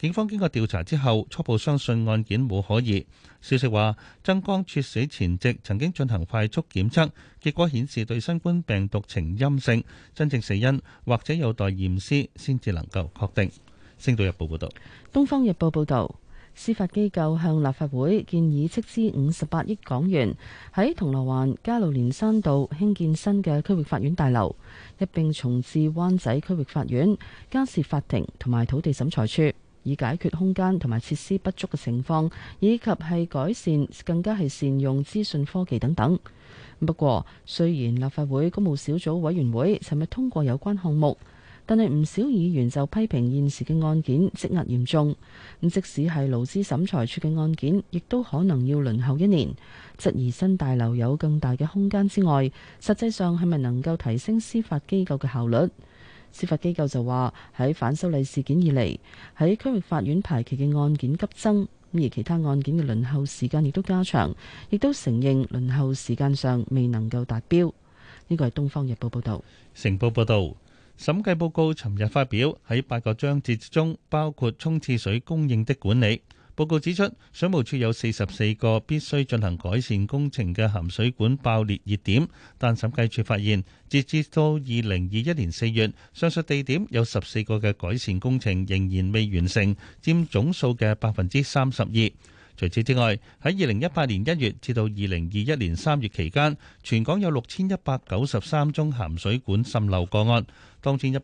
Speaker 5: 警方經過調查之後，初步相信案件冇可疑。消息話，曾江猝死前夕曾經進行快速檢測，結果顯示對新冠病毒呈陰性。真正死因或者有待驗屍先至能夠確定。星島日報報道，
Speaker 4: 東方日報報道，司法機構向立法會建議斥資五十八億港元喺銅鑼灣加路連山道興建新嘅區域法院大樓，一並重置灣仔區域法院、家事法庭同埋土地審裁處。以解決空間同埋設施不足嘅情況，以及係改善更加係善用資訊科技等等。不過，雖然立法會公務小組委員會尋日通過有關項目，但係唔少議員就批評現時嘅案件積壓嚴重，即使係勞資審裁處嘅案件，亦都可能要輪候一年。質疑新大樓有更大嘅空間之外，實際上係咪能夠提升司法機構嘅效率？司法機構就話：喺反修例事件以嚟，喺區域法院排期嘅案件急增，而其他案件嘅輪候時間亦都加長，亦都承認輪候時間上未能夠達標。呢個係《東方日報》報道，
Speaker 5: 《成報》報道，審計報告尋日發表，喺八個章節之中，包括沖廁水供應的管理。報告指出，水務署有四十四個必須進行改善工程嘅鹹水管爆裂熱點，但審計處發現，截至到二零二一年四月，上述地點有十四個嘅改善工程仍然未完成，佔總數嘅百分之三十二。除此之外，喺二零一八年一月至到二零二一年三月期間，全港有六千一百九十三宗鹹水管滲漏個案，當中一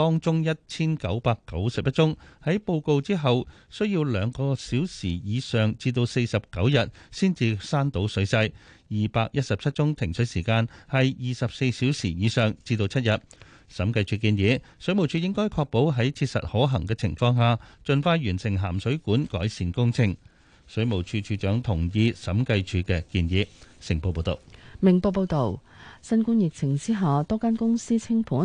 Speaker 5: 當中一千九百九十一宗喺報告之後需要兩個小時以上至到四十九日先至閂倒水掣，二百一十七宗停水時間係二十四小時以上至到七日。審計署建議水務署應該確保喺切實可行嘅情況下，盡快完成鹹水管改善工程。水務署署長同意審計署嘅建議。成報報道，
Speaker 4: 明報報道。新冠疫情之下，多間公司清盤，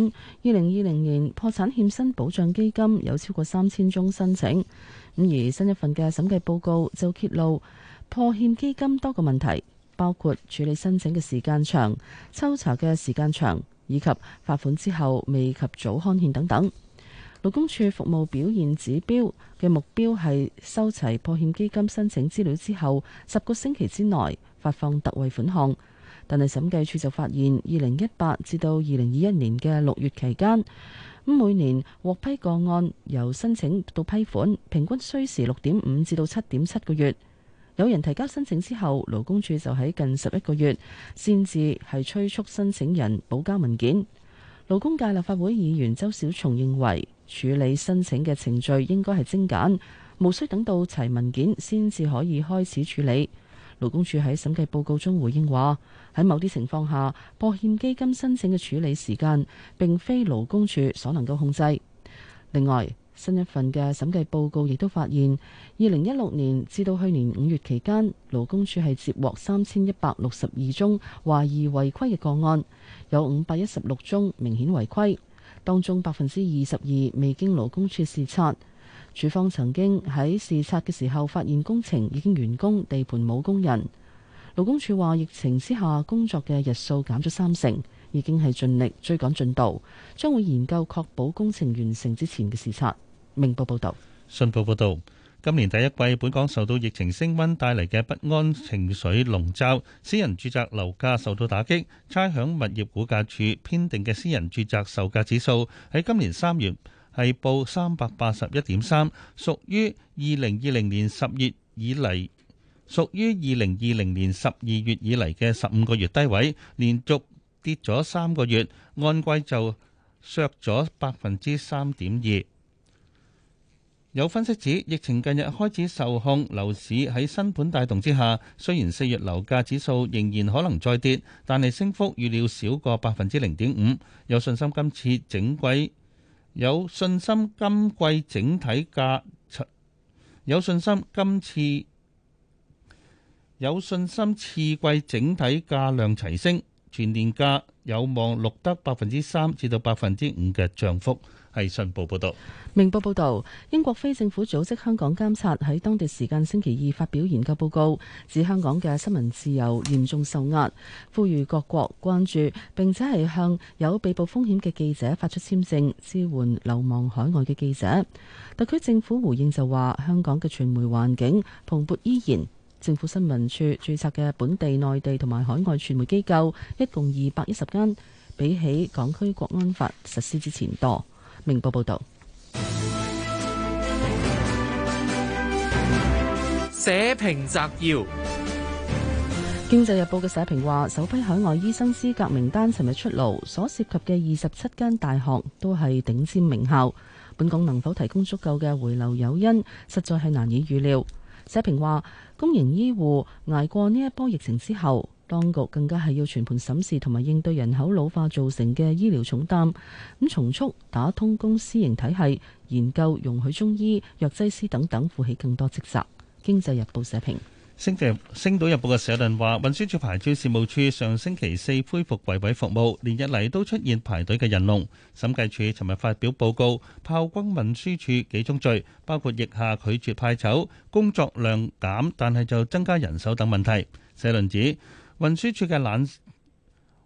Speaker 4: 二零二零年破產欠薪保障基金有超過三千宗申請，咁而新一份嘅審計報告就揭露破欠基金多個問題，包括處理申請嘅時間長、抽查嘅時間長，以及罰款之後未及早看欠等等。勞工處服務表現指標嘅目標係收齊破欠基金申請資料之後，十個星期之內發放特惠款項。但係審計署就發現，二零一八至到二零二一年嘅六月期間，每年獲批個案由申請到批款平均需時六點五至到七點七個月。有人提交申請之後，勞工處就喺近十一個月先至係催促申請人補交文件。勞工界立法會議員周小松認為，處理申請嘅程序應該係精簡，無需等到齊文件先至可以開始處理。勞工處喺審計報告中回應話：喺某啲情況下，破欠基金申請嘅處理時間，並非勞工處所能夠控制。另外，新一份嘅審計報告亦都發現，二零一六年至到去年五月期間，勞工處係接獲三千一百六十二宗懷疑違規嘅個案，有五百一十六宗明顯違規，當中百分之二十二未經勞工處視察。署方曾經喺視察嘅時候發現工程已經完工，地盤冇工人。勞工處話，疫情之下工作嘅日數減咗三成，已經係盡力追趕進度，將會研究確保工程完成之前嘅視察。明報報導，
Speaker 5: 信報報道：「今年第一季本港受到疫情升溫帶嚟嘅不安情緒籠罩，私人住宅樓價受到打擊，差餉物業估價署編定嘅私人住宅售價指數喺今年三月，係報三百八十一點三，屬於二零二零年十月以嚟，屬於二零二零年十二月以嚟嘅十五個月低位，連續跌咗三個月，按季就削咗百分之三點二。有分析指，疫情近日開始受控，樓市喺新盤帶動之下，雖然四月樓價指數仍然可能再跌，但係升幅預料少過百分之零點五，有信心今次整季。有信心今季整體價，有信心今次，有信心次季整體價量齊升，全年價有望錄得百分之三至到百分之五嘅漲幅。係信報報道。
Speaker 4: 明報報道：英國非政府組織香港監察喺當地時間星期二發表研究報告，指香港嘅新聞自由嚴重受壓，呼籲各國關注，並且係向有被捕風險嘅記者發出簽證，支援流亡海外嘅記者。特區政府回應就話，香港嘅傳媒環境蓬勃依然，政府新聞處註冊嘅本地、內地同埋海外傳媒機構一共二百一十間，比起港區國安法實施之前多。明報報道，社評摘要：經濟日報嘅社評話，首批海外醫生資格名單尋日出爐，所涉及嘅二十七間大學都係頂尖名校。本港能否提供足夠嘅回流誘因，實在係難以預料。社評話，公營醫護捱過呢一波疫情之後。當局更加係要全盤審視同埋應對人口老化造成嘅醫療重擔，從速打通公私營體系，研究容許中醫、藥劑師等等負起更多職責。經濟日報社評，
Speaker 5: 星日星島日報嘅社論話，運輸署牌照事務處上星期四恢復櫃位服務，連日嚟都出現排隊嘅人龍。審計署尋日發表報告，炮轟運輸署幾宗罪，包括疫下拒絕派籌、工作量減，但係就增加人手等問題。社論指。運輸處嘅冷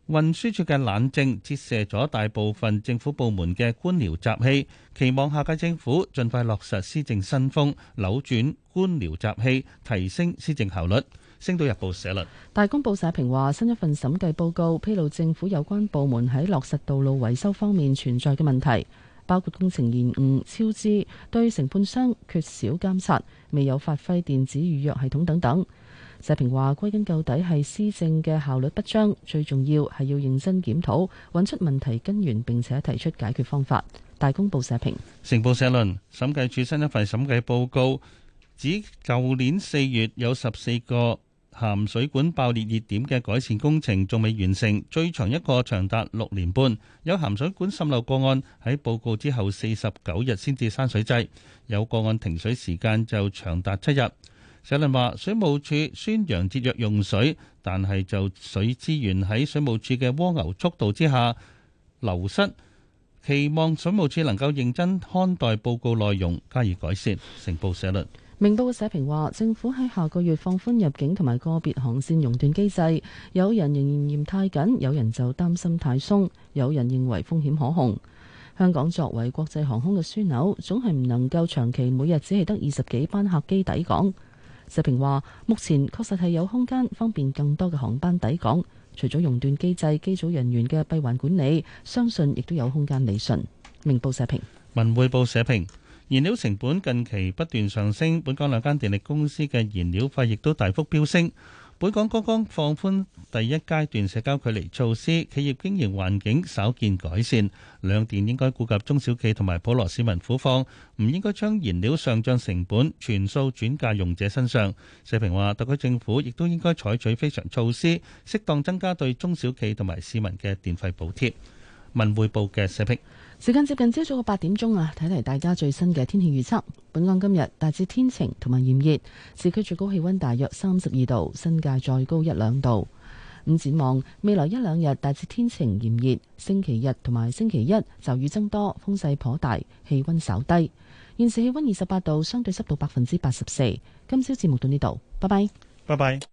Speaker 5: 運輸處嘅冷靜折射咗大部分政府部門嘅官僚習氣，期望下屆政府盡快落實施政新風，扭轉官僚習氣，提升施政效率。星島日報社論，
Speaker 4: 大公報社評話：新一份審計報告披露政府有關部門喺落實道路維修方面存在嘅問題，包括工程延誤、超支、對承判商缺少監察、未有發揮電子預約系統等等。社評話歸根究底係施政嘅效率不彰，最重要係要認真檢討，揾出問題根源，並且提出解決方法。大公報社評，
Speaker 5: 成報社論，審計處新一份審計報告指，舊年四月有十四個咸水管爆裂熱點嘅改善工程仲未完成，最長一個長達六年半。有咸水管滲漏個案喺報告之後四十九日先至閂水掣，有個案停水時間就長達七日。社論話：水務署宣揚節約用水，但係就水資源喺水務署嘅蝸牛速度之下流失。期望水務署能夠認真看待報告內容，加以改善。成報社論。
Speaker 4: 明報嘅社評話：政府喺下個月放寬入境同埋個別航線熔斷機制，有人仍然嫌太緊，有人就擔心太鬆，有人認為風險可控。香港作為國際航空嘅樞紐，總係唔能夠長期每日只係得二十幾班客機抵港。社評話：目前確實係有空間方便更多嘅航班抵港，除咗熔斷機制，機組人員嘅閉環管理，相信亦都有空間理順。明報社評。
Speaker 5: 文匯報社評，燃料成本近期不斷上升，本港兩間電力公司嘅燃料費亦都大幅飆升。本港剛剛放寬第一階段社交距離措施，企業經營環境稍見改善。兩電應該顧及中小企同埋普羅市民苦況，唔應該將燃料上漲成本全數轉嫁用者身上。社評話，特區政府亦都應該採取非常措施，適當增加對中小企同埋市民嘅電費補貼。文匯報嘅社評。
Speaker 4: 時間接近朝早嘅八點鐘啊，睇嚟，大家最新嘅天氣預測。本港今日大致天晴同埋炎熱，市區最高氣溫大約三十二度，新界再高一兩度。咁展望未來一兩日大致天晴炎熱，星期日同埋星期一驟雨增多，風勢頗大，氣溫稍低。現時氣溫二十八度，相對濕度百分之八十
Speaker 16: 四。今朝節目到呢度，拜拜，拜拜。